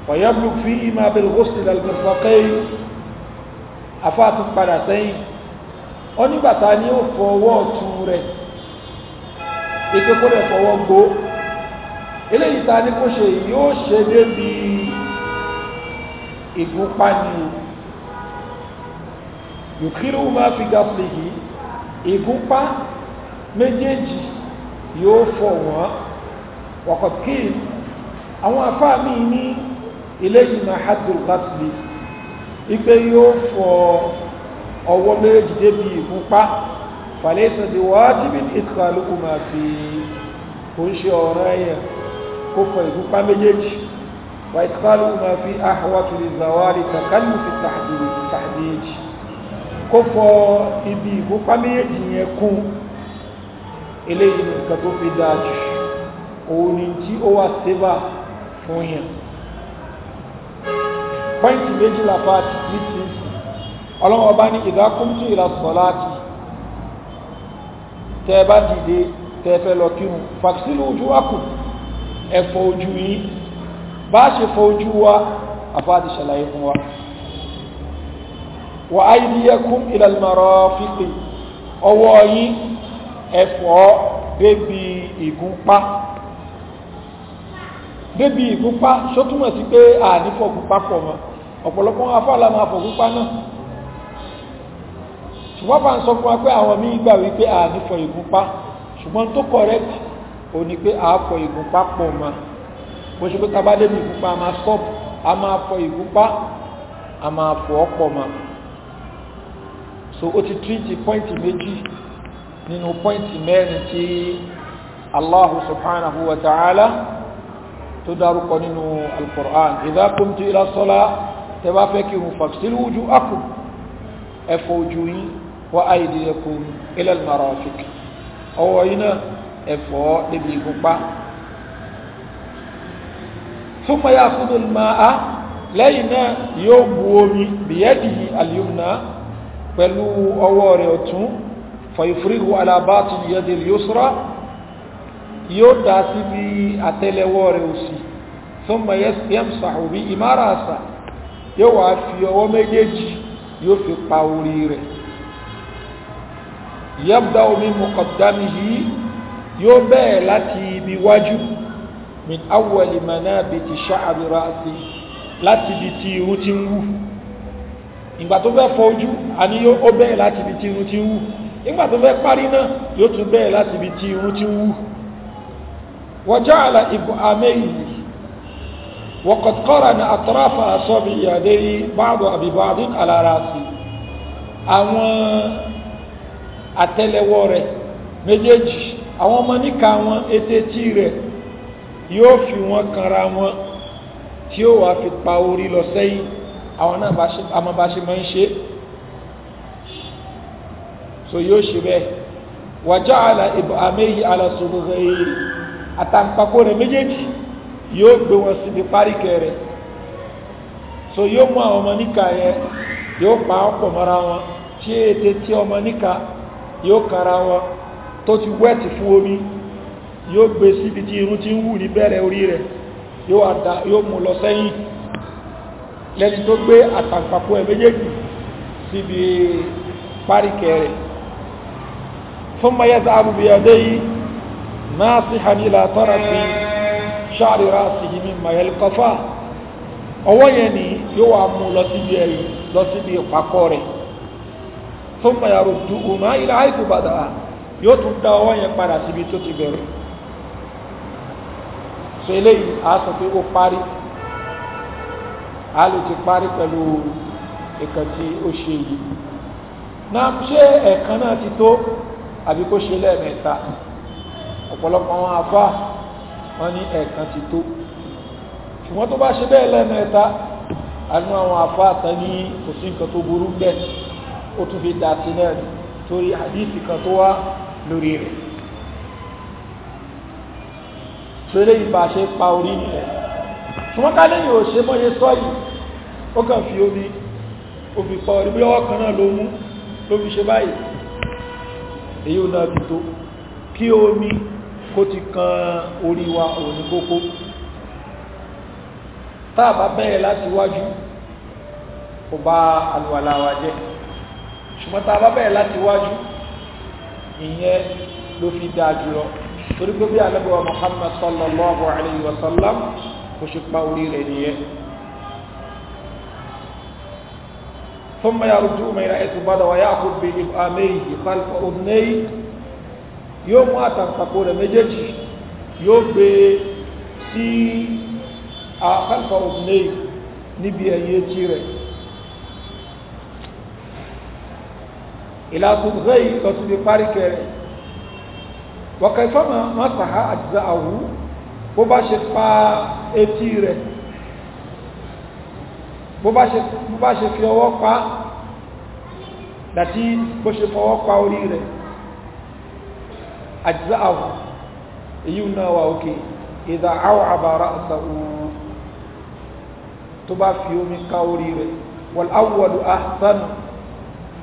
wàyábùlù fi ìmọ̀ abẹ́rẹ́ òsì lálùmọ̀fọ́kẹ́ afáàtú padà sẹ́yìn oníbàtà ni ó fọwọ́ ọ̀tún rẹ̀ ike kó lè gbó eléyìí ta ni kó ṣe yóò ṣe débi ìgúnpá ni yòkírù máa fi gáfìlì yìí ìgúnpá méjèèjì yóò fọ̀ wọ́n wọ̀kọ̀kí àwọn àfáà míì ní ilé ìmọ̀ hadul gatli ipe yóò fọ̀ ọwọ́ méjèèjì débi ìgúnpá fàlẹ́sàdì wájibí ìtàlùkù máa fi kò ń ṣe ọ̀ràn ẹ̀yàn kó fọ̀ ìgúnpá méjèèjì wa ìtàlùkù máa fi ahwatu lizawali takallufi tahdid kó fọ ibi ìgbópá méjèèjì yẹn kún eléyìí nǹkan tó fi dáa jù òun ni tí ó wà sébà fún yẹn pọ́ìntì méjìlá pàtì nísinsìn ọlọ́wọ́ bá ní ìdákúntù ìlàsọ̀láàtì tẹ́ bá dìde tẹ́ fẹ́ lọ kírun fàksílù ojú wákùn ẹ̀fọ́ ojú yìí bá ṣe fọ ojú wa àfáàdì ṣàlàyé fún wa wà aydiyakum ila al-marafiqi ọwọ́ yín ẹ̀fọ́ débi ìgúnpá débi ìgúnpá ṣó túmọ̀ sí pé ànífọ̀gúnpá pọ̀ mọ́ ọ̀pọ̀lọpọ̀ afọ́lá máa fọ̀gúnpá náà ṣùgbọ́n bá ń sọ fún wa pé àwọn míì gbà wípé ànífọ̀ ìgúnpá ṣùgbọ́n tó correct ò ní pé àáfọ̀ ìgúnpá pọ̀ mọ́ bó ṣe pé tabadé ní ìgúnpá a máa stop a máa fọ ìgúnpá a máa fọ ọ̀pọ̀ mọ́ so ó ti tírìtì pọ́ìntì méjì nínú pọ́ìntì mẹ́rin tí Allahu subhanahu wa ta'ala tó dárúkọ nínú al-Qur'an idha qumtu ila salah tẹbá fẹ́ kí rùn faghsilu wujuhakum ẹ fọ ojú yín wa aydiyakum ila al-marafiq ọwọ́ yín náà ẹ fọ níbi ìgúnpá thumma ya'khudhu al-ma'a lẹ́yìn pẹ̀lú ọwọ́ rẹ̀ ọ̀tún fàífúrígù alábátún yẹ́dìl yóòsùrá yóò dá sí bí àtẹ́lẹwọ́ rẹ̀ òsì tó mọ̀ yẹ́msàhù bí ìmáràsà yóò wá fi ọwọ́ méjèèjì yóò fi pa orí rẹ̀ yẹ́bdá omi mọ̀kọ̀dámi yìí yóò bẹ́ẹ̀ láti ibi wájú min awwali manabiti sha'abi ra'si láti bi ti irú ti ń ìgbà tó fẹ́ fọ ojú àní ó bẹ̀rẹ̀ láti ibi tí irun ti wù ìgbà tó fẹ́ parí náà yóò tún bẹ̀rẹ̀ láti ibi tí irun ti wù wọ́jọ́ àlà ìbò àmẹ́yìí وقد قرن أطراف أصابع يديه بعض ببعض على رأسه àwọn àtẹ́lẹwọ́ rẹ̀ méjèèjì àwọn ọmọ níka wọn etetí rẹ̀ yóò fi wọn kanra wọn tí ó wàá fi pa orí lọ sẹ́yìn àwọn náà àmọ́ bá ṣe máa ń ṣe so yóò ṣe bẹ́ẹ̀ wàjá àlà ìbò àmẹ́yí alásòwòrán èyí àtàǹpàkò rẹ̀ méjèèjì yóò gbé wọn síbi páríkẹ̀ rẹ̀ so yóò mú àwọn ọmọ níka yẹn yóò pa ọ̀pọ̀ mọ́ra wọn tí ètè tí ọmọ níka yóò kara wọn tó ti wẹ́ẹ̀tì fún omi yóò gbé síbi tí irun ti ń wù ní bẹ̀rẹ̀ orí rẹ̀ yóò mú lọ sẹ́yìn lẹ́ni tó gbé àtàǹpàkò ẹ̀ méjèèjì síbi páríkẹ̀ rẹ̀ fún mayẹ́sà abubiyadé yìí náà sí hanila tọ́ra fi ṣáàrí ra sí yìí mímọ̀ ẹ̀ kọfà ọwọ́ yẹn ni yóò wá mú lọ síbi ẹ̀rí lọ síbi ìpàkọ́ rẹ̀ fún mayàrò dùkù máa ilẹ̀ àìkú bàdà yóò tún dá ọwọ́ yẹn padà síbi tó ti bẹ̀rẹ̀ so eléyìí a pé ó parí a lè ti parí pẹ̀lú ìkan tí ó ṣe yìí náà ṣé ẹ̀kan náà ti tó àbí kó ṣe lẹ́ẹ̀mẹ́ta ọ̀pọ̀lọpọ̀ àwọn afá wọn ní ẹ̀kan ti tó ṣùgbọ́n tó bá ṣe bẹ́ẹ̀ lẹ́ẹ̀mẹ́ta àánú àwọn afá àtà ní kò sí nǹkan tó burú bẹ́ẹ̀ ó tún fi dà sí náà torí àdísì kan tó wá lórí rẹ̀ tó lè ìbáṣe pa orí nìyẹn ṣùgbọ́n ká lẹ́yìn ò ṣe mọ́ye sọ yìí ó kàn fi omi òfin pa orí bílọ́wọ́ kan náà ló mú ló fi ṣe báyìí èyí ò náà ti tó kí omi kó ti kan orí wa òní kókó táà bá bẹ̀rẹ̀ láti wájú kò bá alùwàlà wa jẹ́ ṣùgbọ́n táà bá bẹ̀rẹ̀ láti wájú ìyẹn ló fi dáa jùlọ torí pé bí alẹ́bọ̀ Muhammad sallallahu alayhi wa sallam bó ṣe pa orí rẹ̀ nìyẹn ثم يرجوهما إلى حيث بدا ويأخذ بإبهاميه خلف أذنيه yóò mú àtàǹpàkò rẹ̀ méjèèjì yóò gbé sí àkàlùfà òdìlé níbi ẹ̀yẹ tí rẹ̀ ìlàtùnzẹ́ ìlọtùnbí parí kẹrẹ̀ wọ̀kẹ̀fọ́mọ̀ mọ́sàá àjíza àwú bó bá ṣe pa etí rẹ̀ bó bá ṣe fi ọwọ́ pa dàtí bó ṣe fọwọ́ pa orí rẹ̀ àjíṣà àwọ̀ èyí náà wà òkè ìdà àwọ̀ àbára àsàwò tó bá fi omi ká orí rẹ̀ wal awwalu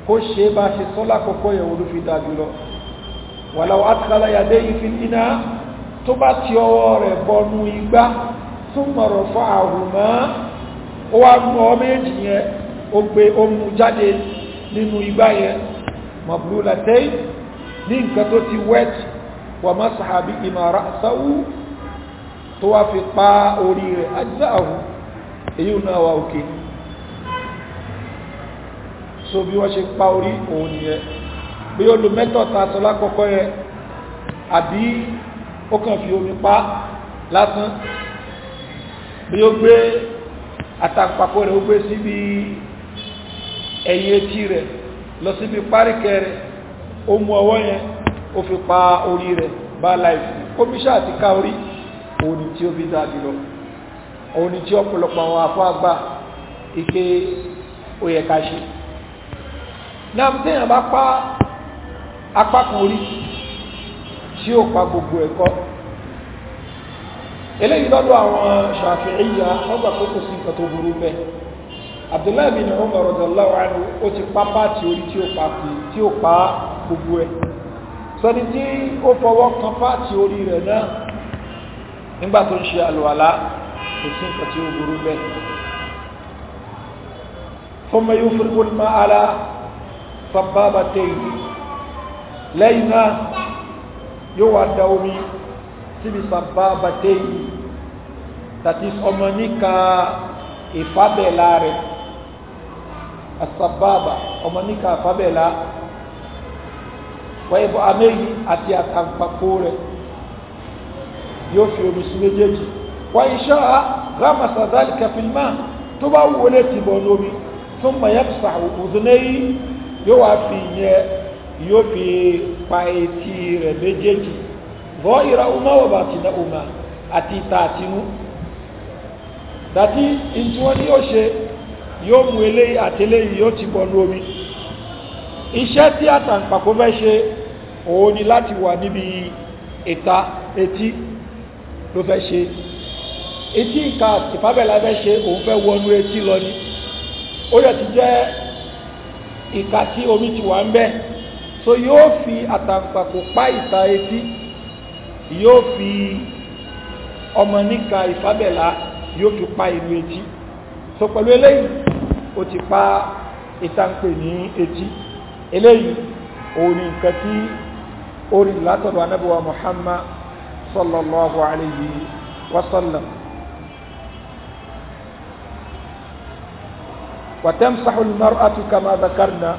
kó ṣe bá ṣe sọ́lá kọ́kọ́ yẹ̀wò fi dàbí lọ wàláwọ̀ àtìkálá yàdé yìí fi níná tó bá ti ọwọ́ rẹ̀ bọnú igbá fún mọ̀rọ̀ fún àwùmọ́ ó wá mú ọ méjì yẹn ó gbé omu jáde nínú igbá yẹn mọ̀bùrú látẹ́ ní nǹkan tó ti wet wà má sàábí ìmọ̀ra sáwú tó wá fi pa orí rẹ̀ ajá èyí náà wà òkè so bí wọ́n ṣe pa orí òun nìyẹn bí olùmẹ́tọ̀ta sọ lákọ̀ọ́kọ́ yẹn àbí ó kàn fi omi pa lásán bí ó gbé àtàpapọ̀ rẹ̀ ó gbé síbi ẹ̀yìn etí rẹ̀ lọ síbi páríkẹ rẹ̀ ó mú ọwọ́ yẹn ó fi pa orí rẹ̀ bá láìfù omi ṣáà ti ká orí òun tí ó fi dáadì lọ òun tí ọ̀pọ̀lọpọ̀ àwọn afọ́ àgbà ike ó yẹ ká ṣe náà tí èèyàn bá pa apá kan orí tí ó pa gbogbo ẹ̀kọ́ eléyìí lọ́dọ̀ àwọn ṣàfihìyà ọgbà pé kò sí nǹkan tó burú bẹ́ẹ̀ abdullahi bin umar radallahu anhu ó ti pa páàtì orí tí ó pa kì tí ó pa gbogbo ẹ̀ sọni tí ó fọwọ́ kan páàtì orí rẹ̀ náà nígbà tó ń ṣe àlùwàlá kò sí nǹkan tí ó burú bẹ́ẹ̀ thumma yufriqu al-ma'a ala sababatayn lẹ́yìn náà yóò wá da omi síbi sàbá bàtẹ́ yìí tàbí ọmọ níka ìfábẹ́lá rẹ̀ asababa ọmọ níka àfábẹ́lá wọ́n ibò amẹ́yìn àti àtàǹpàkó rẹ̀ yóò fi omi sí méjèèjì wọ́n iṣẹ́ a rámà sàdálì kẹfìlmá tó bá wọlé tìbọ̀ lómi tó mọ̀ yẹ́ pìsà òkùnkùn yóò wá fi ìyẹn yóò fi pa etí rẹ̀ méjèèjì bọ́ ìra umá wọ̀ bá ti ná umá àti ìta àtinú dàtí ìtú wọn ni yóò ṣe yóò mú eléyìí àtẹléyìí yóò ti bọ́nu omi iṣẹ́ tí àtàǹpàkò fẹ́ ṣe òun ni láti wà níbi ìta etí ló fẹ́ ṣe etí ìka ìfábẹ́lá fẹ́ ṣe òun fẹ́ wọnú etí lọ ni ó yẹ ti jẹ́ ìka tí omi ti wà ń bẹ́ẹ̀ so yóò fi àtàǹpàkò pa ìta etí yóò fi ọmọ níka ìfábẹ̀lá yóò fi pa ìlú etí so pẹ̀lú eléyìí ó ti pa ìtàǹpè ní etí eléyìí òun ni nǹkan tí ó rí látọ̀dọ̀ anábíwá Muhammad sallallahu alayhi wa sallam وتمسح المرأة كما ذكرنا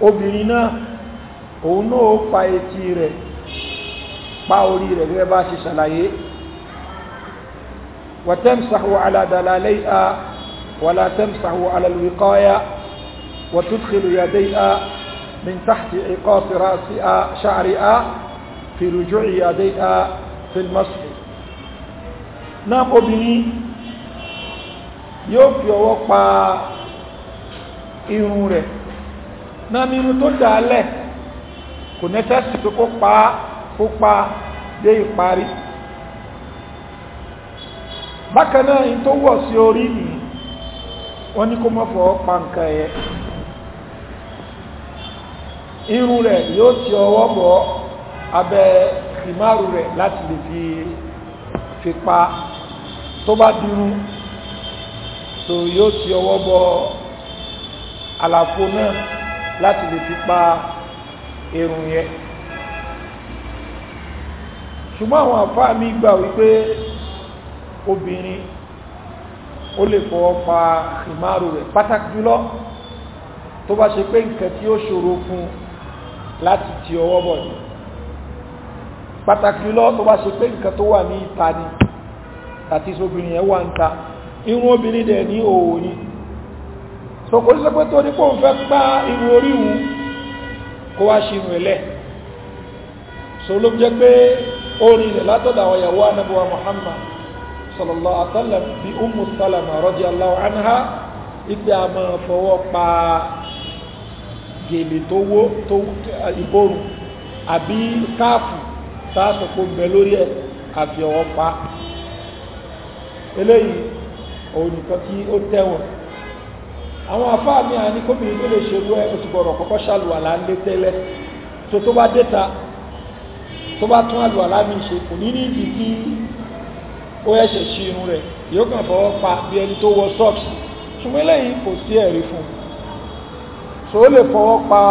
obìnrin náà òun náà pa etí rẹ̀ pa orí rẹ̀ gẹ́gẹ́ bá ṣe ṣàlàyé وتمسحوا على دلاليها ولا تمسحوا على الوقاية وتدخل يديها من تحت عقاص رأسها شعرها في رجوع يديها في المسح náà obìnrin yóò fi ọwọ́ pa irun rẹ̀ náà nínú tó dàálẹ̀ kò nẹ́tẹ́sì pé kó pa kó pa dé ìparí bákan náà in tó wọ̀ sí orí ni wọ́n ní kó má fọwọ́ pa nǹkan ẹ̀yẹ irun rẹ̀ yóò ti ọwọ́ bọ̀ abẹ́ ìmáàrù rẹ̀ láti lè fi fi pa tó bá dirun so yóò ti ọwọ́ bọ̀ àlàfo náà láti lè fi pa irun yẹn ṣùgbọ́n àwọn àfáà mi gbà wípé obìnrin ó lè fọwọ́ pa ìmáàrù rẹ̀ pàtàkì jùlọ tó bá ṣe pé nǹkan tí ó ṣòro fún láti ti ọwọ́ bọ̀ ní pàtàkì jùlọ tó bá ṣe pé nǹkan tó wà ní ìta ni àti obìnrin yẹn wà ń ta irun obìnrin dẹ̀ ní òòrùn so kò sí pé tó ní kó ń fẹ́ pa irú orí wù kó wá ṣe irú ẹlẹ́ so ló jẹ́ pé orin rẹ̀ látọ̀dọ̀ àwọn ìyàwó anábíwá Muhammad sallallahu alaihi wa sallam bí Ummu Salama radiyallahu anha ipe a máa fọwọ́ pa gèlè tó wó tó ìborùn àbí káàfù sáàsùpò bẹ lórí ẹ̀ àfi pa eléyìí òun nìkan tí ó tẹ̀wọ̀n àwọn àfáà mi àní kóbìnrin tó lè ṣerú ẹ o ti gbọ́dọ̀ kọ́kọ́ ṣàlùwàlá ń lé tẹ́lẹ̀ tó tó bá déta tó bá tún àlùwàlá mi ṣe kò ní ní ibi tí ó ẹ̀ṣẹ̀ sí irun rẹ̀ yóò kàn fọwọ́ pa bí ẹni tó wọ socks ṣùgbọ́n eléyìí kò sí ẹ̀rí fún un so lè fọwọ́ pa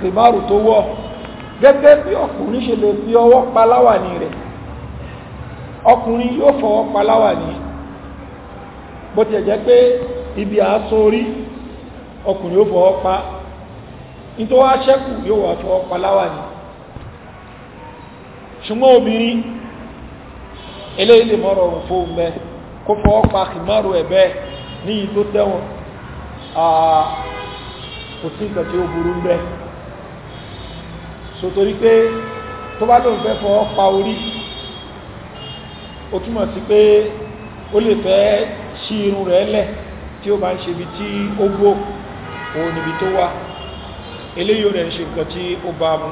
kìmáàrù tó wọ̀ gẹ́gẹ́ bí ọkùnrin ṣe lè fi ọwọ́ pa láwàní rẹ̀ ọkùnrin yóò fọwọ́ pa láwàní bó ti ẹ̀ jẹ́ pé ibi àásọ orí ọkùnrin yóò fọwọ́ pa ní tó wá ṣẹ́kù yóò wà fọwọ́ pa láwà ní ṣùgbọ́n obìnrin eléyìí lè mọ́rọ̀ òun fóun bẹ́ kó fọwọ́ pa kìmọ́rù ẹ̀bẹ́ ní yìí tó tẹ́wọ̀n kò sí nǹkan tí ó burú bẹ́ so torí pé tó bá lóun fẹ́ fọwọ́ pa orí ó túmọ̀ sí pé ó lè fẹ́ ṣí irun rẹ̀ lẹ̀ tí ó bá ń ṣe ibi tí ó gbó òun níbi tó wá eléyìí rẹ̀ ń ṣe nǹkan tí ó bá mú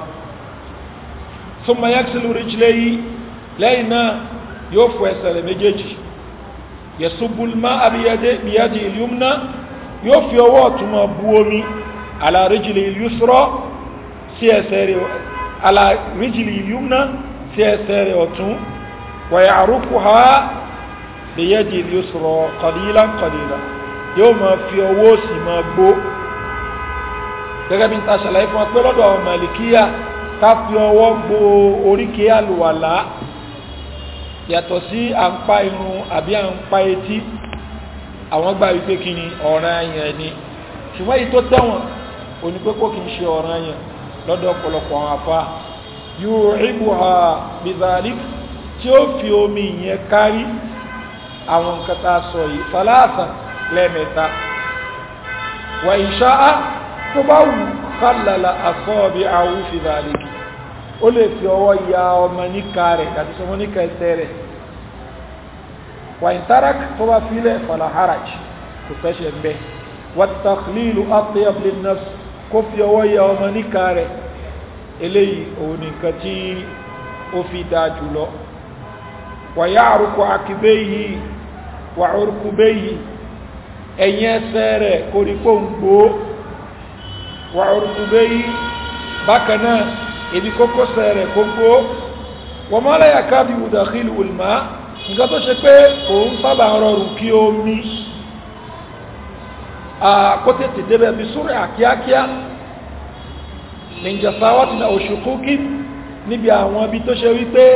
thumma yaksilu rijlayhi lẹ́yìn náà yóò fọ ẹsẹ̀ rẹ̀ méjèèjì yasubu al-ma'a biyadihi al-yumna yóò fi ọwọ́ ọ̀tún máa omi ala rijlihi al sí ẹsẹ̀ rẹ̀ ala rijlihi sí ẹsẹ̀ rẹ̀ ọ̀tún wa ya'ruquha biyadihi al-yusra qalilan qalilan yóò máa fi ọwọ́ òsì máa gbó gẹ́gẹ́ bí n ta ṣàlàyé fún wa pé lọ́dọ̀ àwọn màlìkíyà ká fi ọwọ́ gbó oríkèé àlùwàlá yàtọ̀ sí à ń pa irun àbí à ń pa etí àwọn gbà wípé kí ni ọ̀ràn ayàn ni ṣùgbọ́n èyí tó tẹ̀wọ̀n onípẹ́kọ́ kì í ṣe ọ̀ràn ayàn lọ́dọ̀ ọ̀pọ̀lọpọ̀ àwọn afá yóò ríbu ha bizalik tí ó fi omi ìyẹn kárí àwọn nǹkan tá a sọ yìí fàlàsà lẹ́ẹ̀mẹ́ta wà ìṣá tó bá wù kálàlà àsọ́ọ̀bí àwúfìdà àlèkì ó lè fi ọwọ́ ya ọmọ níka rẹ̀ àti sọmọ níka ẹsẹ̀ rẹ̀ wà ìtarak tó bá fílẹ̀ falaharaj kò sẹ́ṣẹ̀ mbẹ́ wàtàkìlìlù àtẹ́yàbìlínàs kó fi ọwọ́ wà yá àrùkọ yìí wà àrùkù bẹ́ yìí ẹ̀yìn ẹsẹ̀ rẹ̀ koríko ń gbó wà orúkúgbé yí bákanáà ibi kókósẹ̀ rẹ̀ kó gbó wọ́n mọ́ lẹ́yà káàbí ìwùdàkìlù ìlmá nǹkan tó ṣe pé òun sábà rọrùn kí omi kó tètè débẹ̀ bí súnrẹ̀ àkíákíá nìjọsáwọ́tí na òṣùkú kí níbi àwọn ibi tó ṣe wípé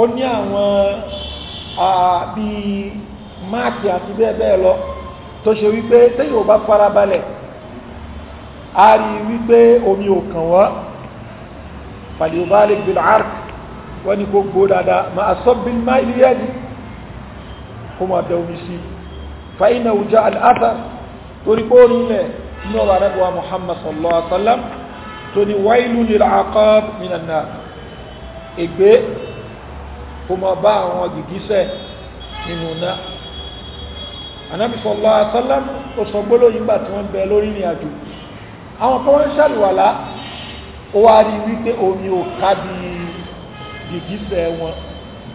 ó ní àwọn bí máàkì àti bẹ́ẹ̀ bẹ́ẹ̀ lọ tó ṣe wípé téyìn ò bá farabalẹ̀ a rí wípé omi ò kàn wọ́n fàlìbálẹ̀ bilhar wọ́n ni gbogbo dáadáa ma asọ́bìn má ilé yẹ́dì kó máa bẹ omi sí fàyínà òjá al'ata torí pé orin ilẹ̀ inú ọ̀rọ̀ arẹ́bùwa muhammad sallallahu alaihi wasallam tó ni wáìlú lil aqab minan ègbé kó máa bá àwọn gìgísẹ̀ nínú náà anábì sallallahu alaihi wasallam ó sọ gbólóyìn gbà tí wọ́n bẹ lórí ìrìn àjò àwọn kan wọ́n ń ṣàlùwàlá ó wá rí wípé omi ò ká bí gìgísẹ̀ wọn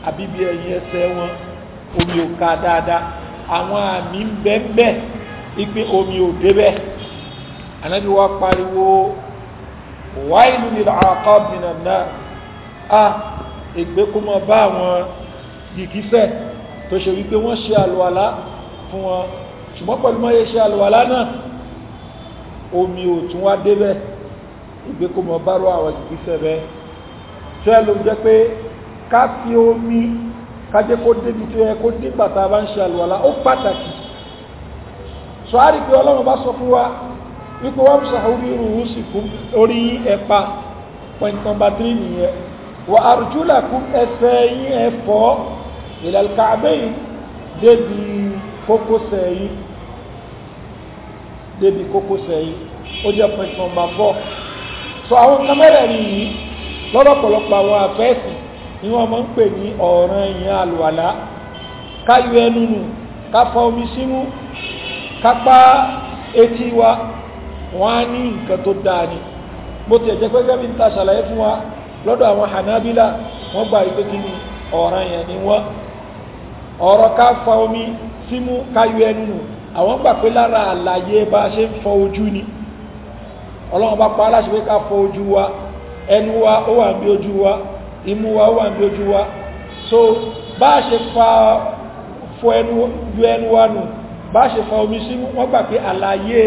àbí bí ẹ̀yìn ẹsẹ̀ wọn omi ò ká dáadáa àwọn àmì ń bẹ bẹ́ẹ̀ wípé omi ò débẹ̀ anábì pariwo wáìlú lil aqab minan nar a ègbé kó mọ bá àwọn gìgísẹ̀ tó ṣe wípé wọ́n ṣe àlùwàlá fún wọn ṣùgbọ́n pẹ̀lú mọ́ iṣẹ́ àlùwàlá náà omi ò tún wá débẹ̀ ìgbé kó mọ bárò àwọn ìgbésẹ̀ bẹ́ẹ̀ tó ẹ ló jẹ́ pé ká fi omi ká jẹ́ kó débi tó yẹ kó dé bàtà bá ń ṣe àlùwàlá ó pàtàkì sọ á pé ọlọ́run bá sọ fún wa wípé wọ́n sàhó bí rúurú sì fún orí ẹ̀pa point number three nìyẹn wà àrùjúlà kún ẹsẹ̀ yín ẹ̀fọ́ ìlàlùkàbẹ́yìn débi koko yìí débi koko yìí ó jẹ́ point number four so àwọn kámẹ́rà yìí lọ́pọ̀lọpọ̀ àwọn àfẹ́sì ni wọ́n máa ń pè ní ọ̀ràn ìyẹn àlùwàlá ká yọ ẹnu nù omi símú ká pa etí wa wọ́n á ní nǹkan tó dáa ni bó ti ẹ̀jẹ̀ pé gẹ́gẹ́ bí n ta ṣàlàyé fún wa Hanabila wọ́n gbà kí ni ọ̀ràn yẹn ni wọ́n ọ̀rọ̀ ká omi símú káyọ ẹnu nù àwọn gbà pé lára àlàyé bá ṣe ń fọ ojú ni ọlọ́run bá pa aláṣẹ pé ká fọ ojú wa ẹnu wa ó wà bí ojú wa imú wa ó wà bí ojú wa so bá ṣe fa fọ ẹnu ju ẹnu wa nù bá ṣe fa omi símú wọ́n gbà pé àlàyé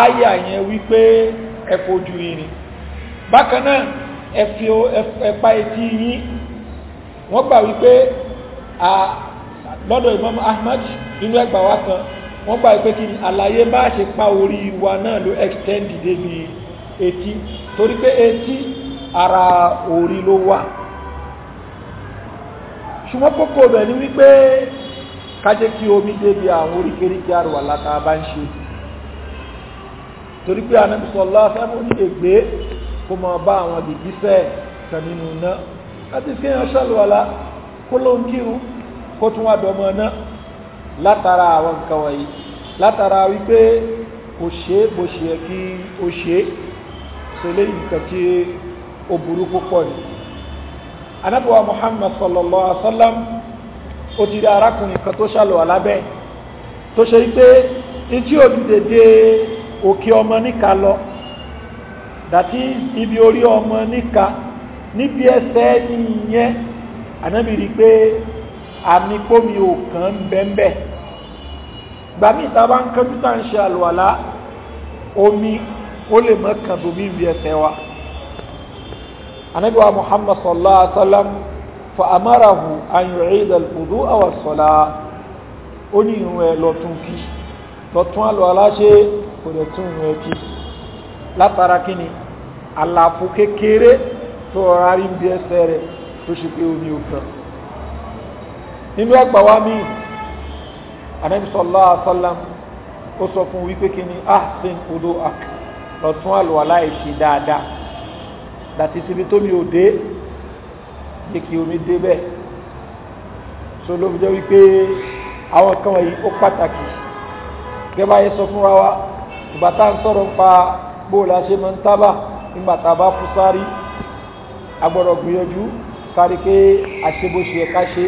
ááyà yẹn wípé ẹ̀fọ́ ojú irin bákan náà ẹ̀fọ́ ẹ̀pa etí yín wọ́n gbà wípé lọ́dọ̀ Imam Ahmad nínú ẹgbà wa kan wọ́n gbà pé kí ni àlàyé bá ṣe pa orí wa náà ló extend débi etí torí pé etí ara orí ló wà ṣùgbọ́n kókó rẹ̀ ni wípé kájẹ́ kí omi débi àwọn oríkèríkè àrùwà látà bá ń ṣe torí pé anẹ́bùsọ̀lá fẹ́mú ní ègbé kó mọ bá àwọn gìgísẹ̀ kan nínú náà láti fi hàn ṣàlùwàlá kó ló ń kó tún wá dọmọ náà látara àwọn nǹkan wọ̀nyí látara wípé kò ṣe bó ṣe yẹ kí ó ṣe ṣe léyìn nǹkan tí ó burú púpọ̀ ni anábíwá Muhammad sallallahu alaihi wa sallam ó ti rí arákùnrin kan tó ṣàlọ̀ alábẹ́ tó ṣe wípé tí ó dìde dé òkè ọmọ níka lọ dàtí ibi orí ọmọ níka níbi ẹsẹ̀ ìyẹn anábì rí pé àmì pómi ò kàn bẹ́ẹ̀bẹ́ gbàmí ìtaba ń kánjú tá ń ṣe àlùwàlá omi ó lè mọ́ kàn bómi ìwé ẹsẹ̀ wa anabiwa muhammad sallallahu alaihi wa sallam fa amarahu an yu'id al-wudu'a was ó ní ìrun ẹ̀ lọ́tún kí lọ́tún àlùwàlá ṣe kò dẹ̀ tún ìrun ẹ̀ kí látara kí ni àlàfo kékeré tó rárá ń bí ẹsẹ̀ rẹ̀ tó ṣe pé omi ò nínú ẹgbà wa míì anabi sallallahu alaihi wasallam ó sọ fún wípé kí ni ahsin odo ak lọ́tún àlùwàlá ìṣe dáadáa dàtí síbi tómi ò dé jẹ́ kí omi dé bẹ́ẹ̀ so ló fi jẹ́ wípé àwọn kan wọ̀nyí ó pàtàkì gẹ́gẹ́ bá sọ fúnra wa ìgbà tá à ń sọ̀rọ̀ pa bóòlù àṣemọ̀ ń tábà nígbà tá a bá fún sáré agbọ́dọ̀ gbìyànjú kárí pé àṣebóṣe ẹ̀ka ṣe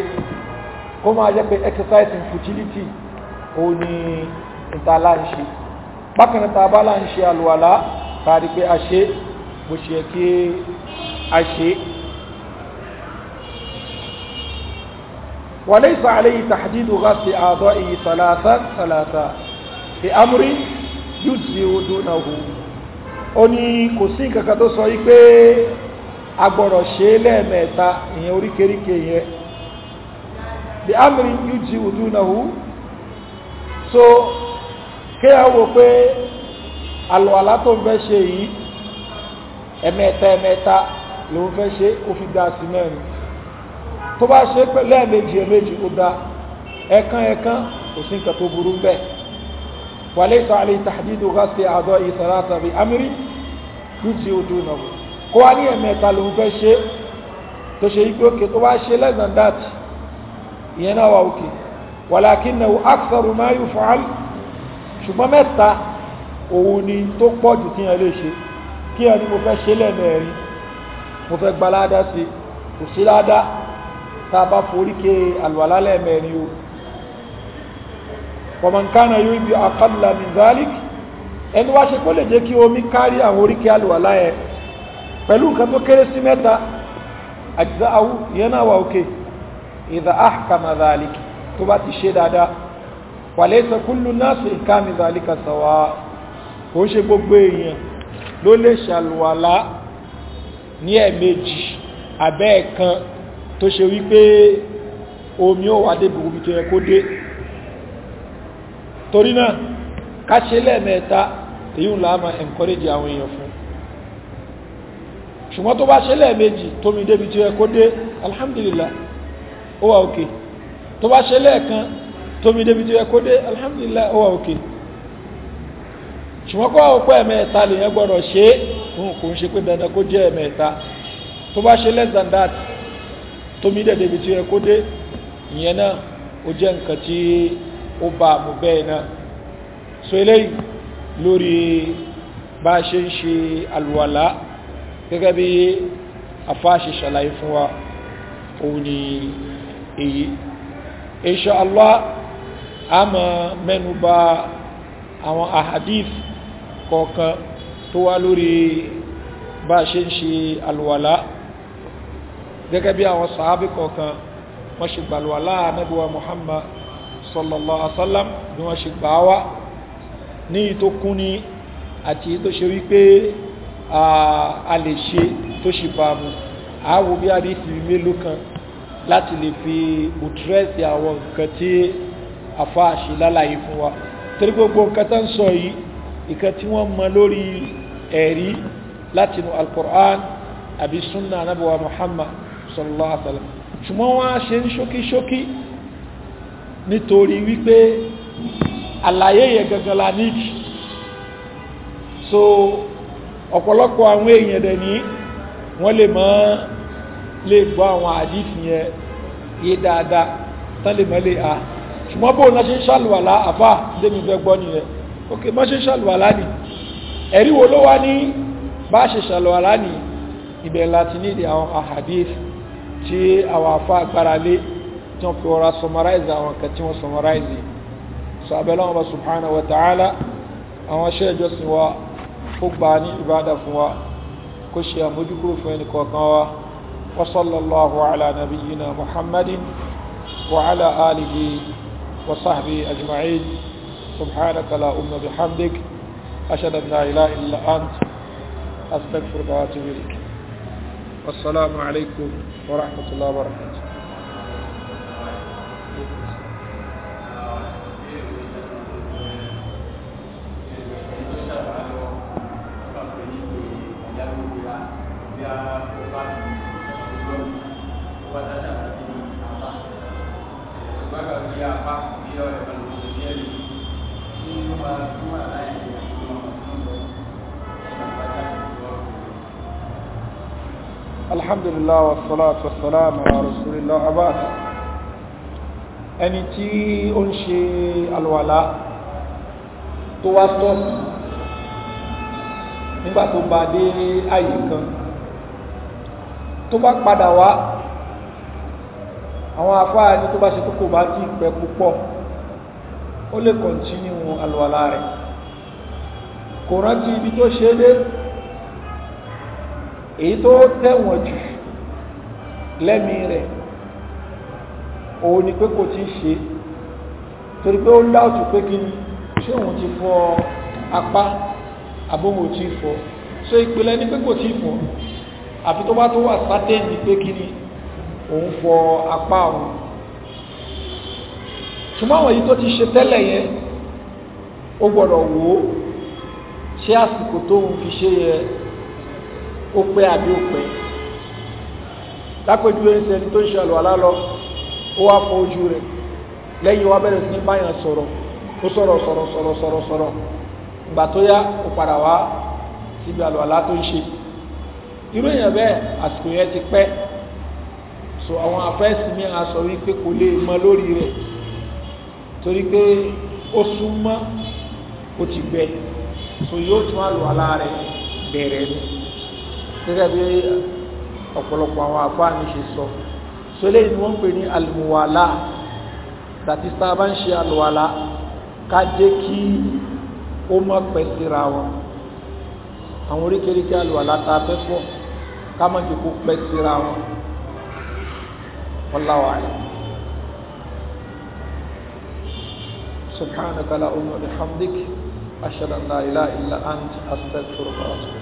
kó máa jẹ́ pé exercise in futility ó ní ìtàlá ń ṣe bákan tá a bá là ń ṣe àlùwàlá tàbí pé a ṣe bó ṣe kí a ṣe وليس عليه تحديد غسل أعضائه ثلاثا ثلاثا بأمر يجزي دونه ó ní kò sí nǹkan tó sọ yí pé ṣe lẹ́ẹ̀mẹ́ta ìyẹn oríkèéríkèé yẹn bí amìrin yóò jí òdú náà hù so a wò pé àlùwàlá tó ń fẹ́ ṣe yìí ẹ̀mẹ́ta ẹ̀mẹ́ta ló ń fẹ́ ṣe ó fi dá sí mẹ́rin tó bá ṣe lẹ́ẹ̀mejì ẹ̀mejì ó dá ẹ̀kan ẹ̀kan kò sí nǹkan tó burú bẹ́ẹ̀ wàlẹ́sọ̀ alẹ́ tàdídò gáṣẹ́ àdọ́ ìsàlátà bí amìrí yóò jí òdú náà kó wá ní ẹ̀mẹ́ta ló ń fẹ́ ṣe tó ṣe yí pé tó bá ṣe less than ìyẹn náà wà òkè wàlákínàwó aksaru máa yóò fàálì ṣùgbọ́n mẹ́ta òun ni tó pọ̀ jù tí yẹn lè ṣe kí ẹni mo fẹ́ ṣe lẹ́mẹ̀ẹ́rin mo fẹ́ gba ládá sí kò sí ládá tá bá forí ke àlùwàlá lẹ́mẹ̀ẹ́rin o kọ̀mọ̀nkánà yóò bí akọ́lá mizalik ẹni wá ṣe kó lè jẹ́ kí omi kárí àwọn oríkè àlùwàlá yẹn pẹ̀lú nǹkan tó kéré sí mẹ́ta àjíṣà awú ìyẹn náà wà òkè okay ìdá ahkama zalik tó bá ti ṣe dáadáa walaysa kullu nasi ìkámi zalika sawa kò ṣe gbogbo èèyàn ló lè ṣàlùwàlá ní ẹ̀ẹ̀mejì abẹ́ ẹ̀kan tó ṣe wípé omi ó wà débi omi tó yẹ kó dé torí náà ká ṣe lẹ́ẹ̀mẹ́ta èyí ń láàmà encourage àwọn èèyàn fún ṣùgbọ́n tó bá ṣe lẹ́ẹ̀mejì tómi débi tó yẹ kó dé alhamdulillah ó wà òkè tó bá ṣe lẹ́ẹ̀kan tómi débi tó yẹ kó dé alhamdulillah ó wà òkè ṣùgbọ́n kó wà òpó ẹ̀mẹ́ta lèyàn gbọ́dọ̀ ṣe é òun kò ń ṣe pé dandan kó jẹ́ ẹ̀mẹ́ta tó bá ṣe less than that tómi dẹ̀ débi tó yẹ kó dé ìyẹn náà ó jẹ́ nǹkan tí ó bá mú bẹ́ẹ̀ náà so eléyìí lórí bá ṣe ń ṣe alùwàlá gẹ́gẹ́ bí afáṣe ṣàlàyé fún wa òun ni èyí inshallah a mọ̀ mẹ́nubà àwọn ahadith kọ̀ọ̀kan tó wá lórí bá ṣe ń ṣe alwàlá gẹ́gẹ́ bí àwọn sàábì kọ̀ọ̀kan wọ́n ṣe gbàlwàlá anábíwa muhammad sallallahu alaihi wasallam bí wọ́n ṣe gbà wá ní ìtò kún ní àti tó ṣe wípé a lè ṣe tó ṣe bá mú àwò bí àdífì mélòó kan láti lè fi bùtírẹ́sì àwọn nǹkan tí afá ṣe lálàyé fún wa torí gbogbo nǹkan tó ń sọ yìí nǹkan tí wọ́n mọ lórí ẹ̀rí látinú alkur'an àbí sunna anábíwá muhammad sallallahu alaihi wa sallam ṣùgbọ́n wọ́n á ṣe ń ṣókíṣókí so ọ̀pọ̀lọpọ̀ àwọn èèyàn dẹ̀ wọ́n lè máa lè gbọ́ àwọn àdífì yẹn yé dáadáa tán lè mọ́lé a ṣùgbọ́n bóun náà ṣe ń ṣàlùwàlá àfà lèmi fẹ́ gbọ́ nìyẹn ok má ṣe ń ṣàlùwàlá ni ẹ̀rí wo ló wá ní bá ṣe ṣàlùwàlá ni ibẹ̀ láti nídìí àwọn àhàdífì tí àwọn àfà agbára lé tí wọ́n fi wọ́n ra àwọn kan tí wọ́n summarize sọ abẹ́lẹ́ bá subhanahu wa ta'ala àwọn aṣẹ́ ìjọsìn wa ó gbà ní ìbádà fún wa kó ṣe àmójúkúrò fún ẹnì kọ̀ọ̀kan wa. وصلى الله على نبينا محمد وعلى آله وصحبه أجمعين سبحانك لا أم بحمدك أشهد أن لا إله إلا أنت أستغفرك وأتوب إليك والسلام عليكم ورحمة الله وبركاته alhamdulillah wa salatu wa salam ala rasulillah abad ẹni tí ó ń ṣe alwala tó wá tọ́ nígbà tó bá dé àyè kan tó bá padà wá àwọn afáà ní tó bá ṣe tó bá tí pẹ́ púpọ̀ ó lè kọ̀ntínú alwala rẹ̀ kò rántí ibi tó ṣe dé èyí tó tẹ̀wọ̀n jù lẹ́mí rẹ̀ òun ni pé kò tí ṣe torí pé ó láòtù pé kí ni ṣé òun ti fọ apá àbóhùn tí fọ so ìpìlẹ̀ ni pé kò tí fọ àfi tó bá tó wà sátẹ́ǹ ni pé kí ni òun fọ apá òun ṣùgbọ́n àwọn èyí tó ti ṣe tẹ́lẹ̀ yẹn ó gbọ́dọ̀ wò ó ṣé àsìkò tó fi ṣe yẹ ó pẹ́ àbí ó pẹ́ lápẹjú ẹsẹ̀ ní tó ń ṣàlọ̀ alálọ́ ó wá fọ ojú rẹ̀ lẹ́yìn wá bẹ̀rẹ̀ sí báyàn sọ̀rọ̀ ó sọ̀rọ̀ sọ̀rọ̀ sọ̀rọ̀ sọ̀rọ̀ sọ̀rọ̀ ìgbà tó yá ó padà wá síbi àlọ́ tó ń ṣe irú èèyàn bẹ́ẹ̀ àsìkò yẹn ti pẹ́ so àwọn afẹ́sì mi á sọ wípé kò lè mọ lórí rẹ̀ torí pé ó súnmọ́ ó ti gbẹ so yóò tún àlọ́ alá rẹ̀ bẹ̀rẹ̀ ni gẹ́gẹ́ bí ọ̀pọ̀lọpọ̀ àwọn àfáà ní ṣe sọ so lè ní wọ́n pè ní almuwala that is tá a bá ń ṣe alwala ká jẹ́ kí ó mọ́ pẹ̀ síra wọn àwọn oríkèríkè alwala tá fẹ́ fọ́ ká mọ́ jẹ́ kó pẹ̀ wọn wallahu سبحانك لا أم بحمدك أشهد أن لا إله إلا أنت أستغفرك وأتوب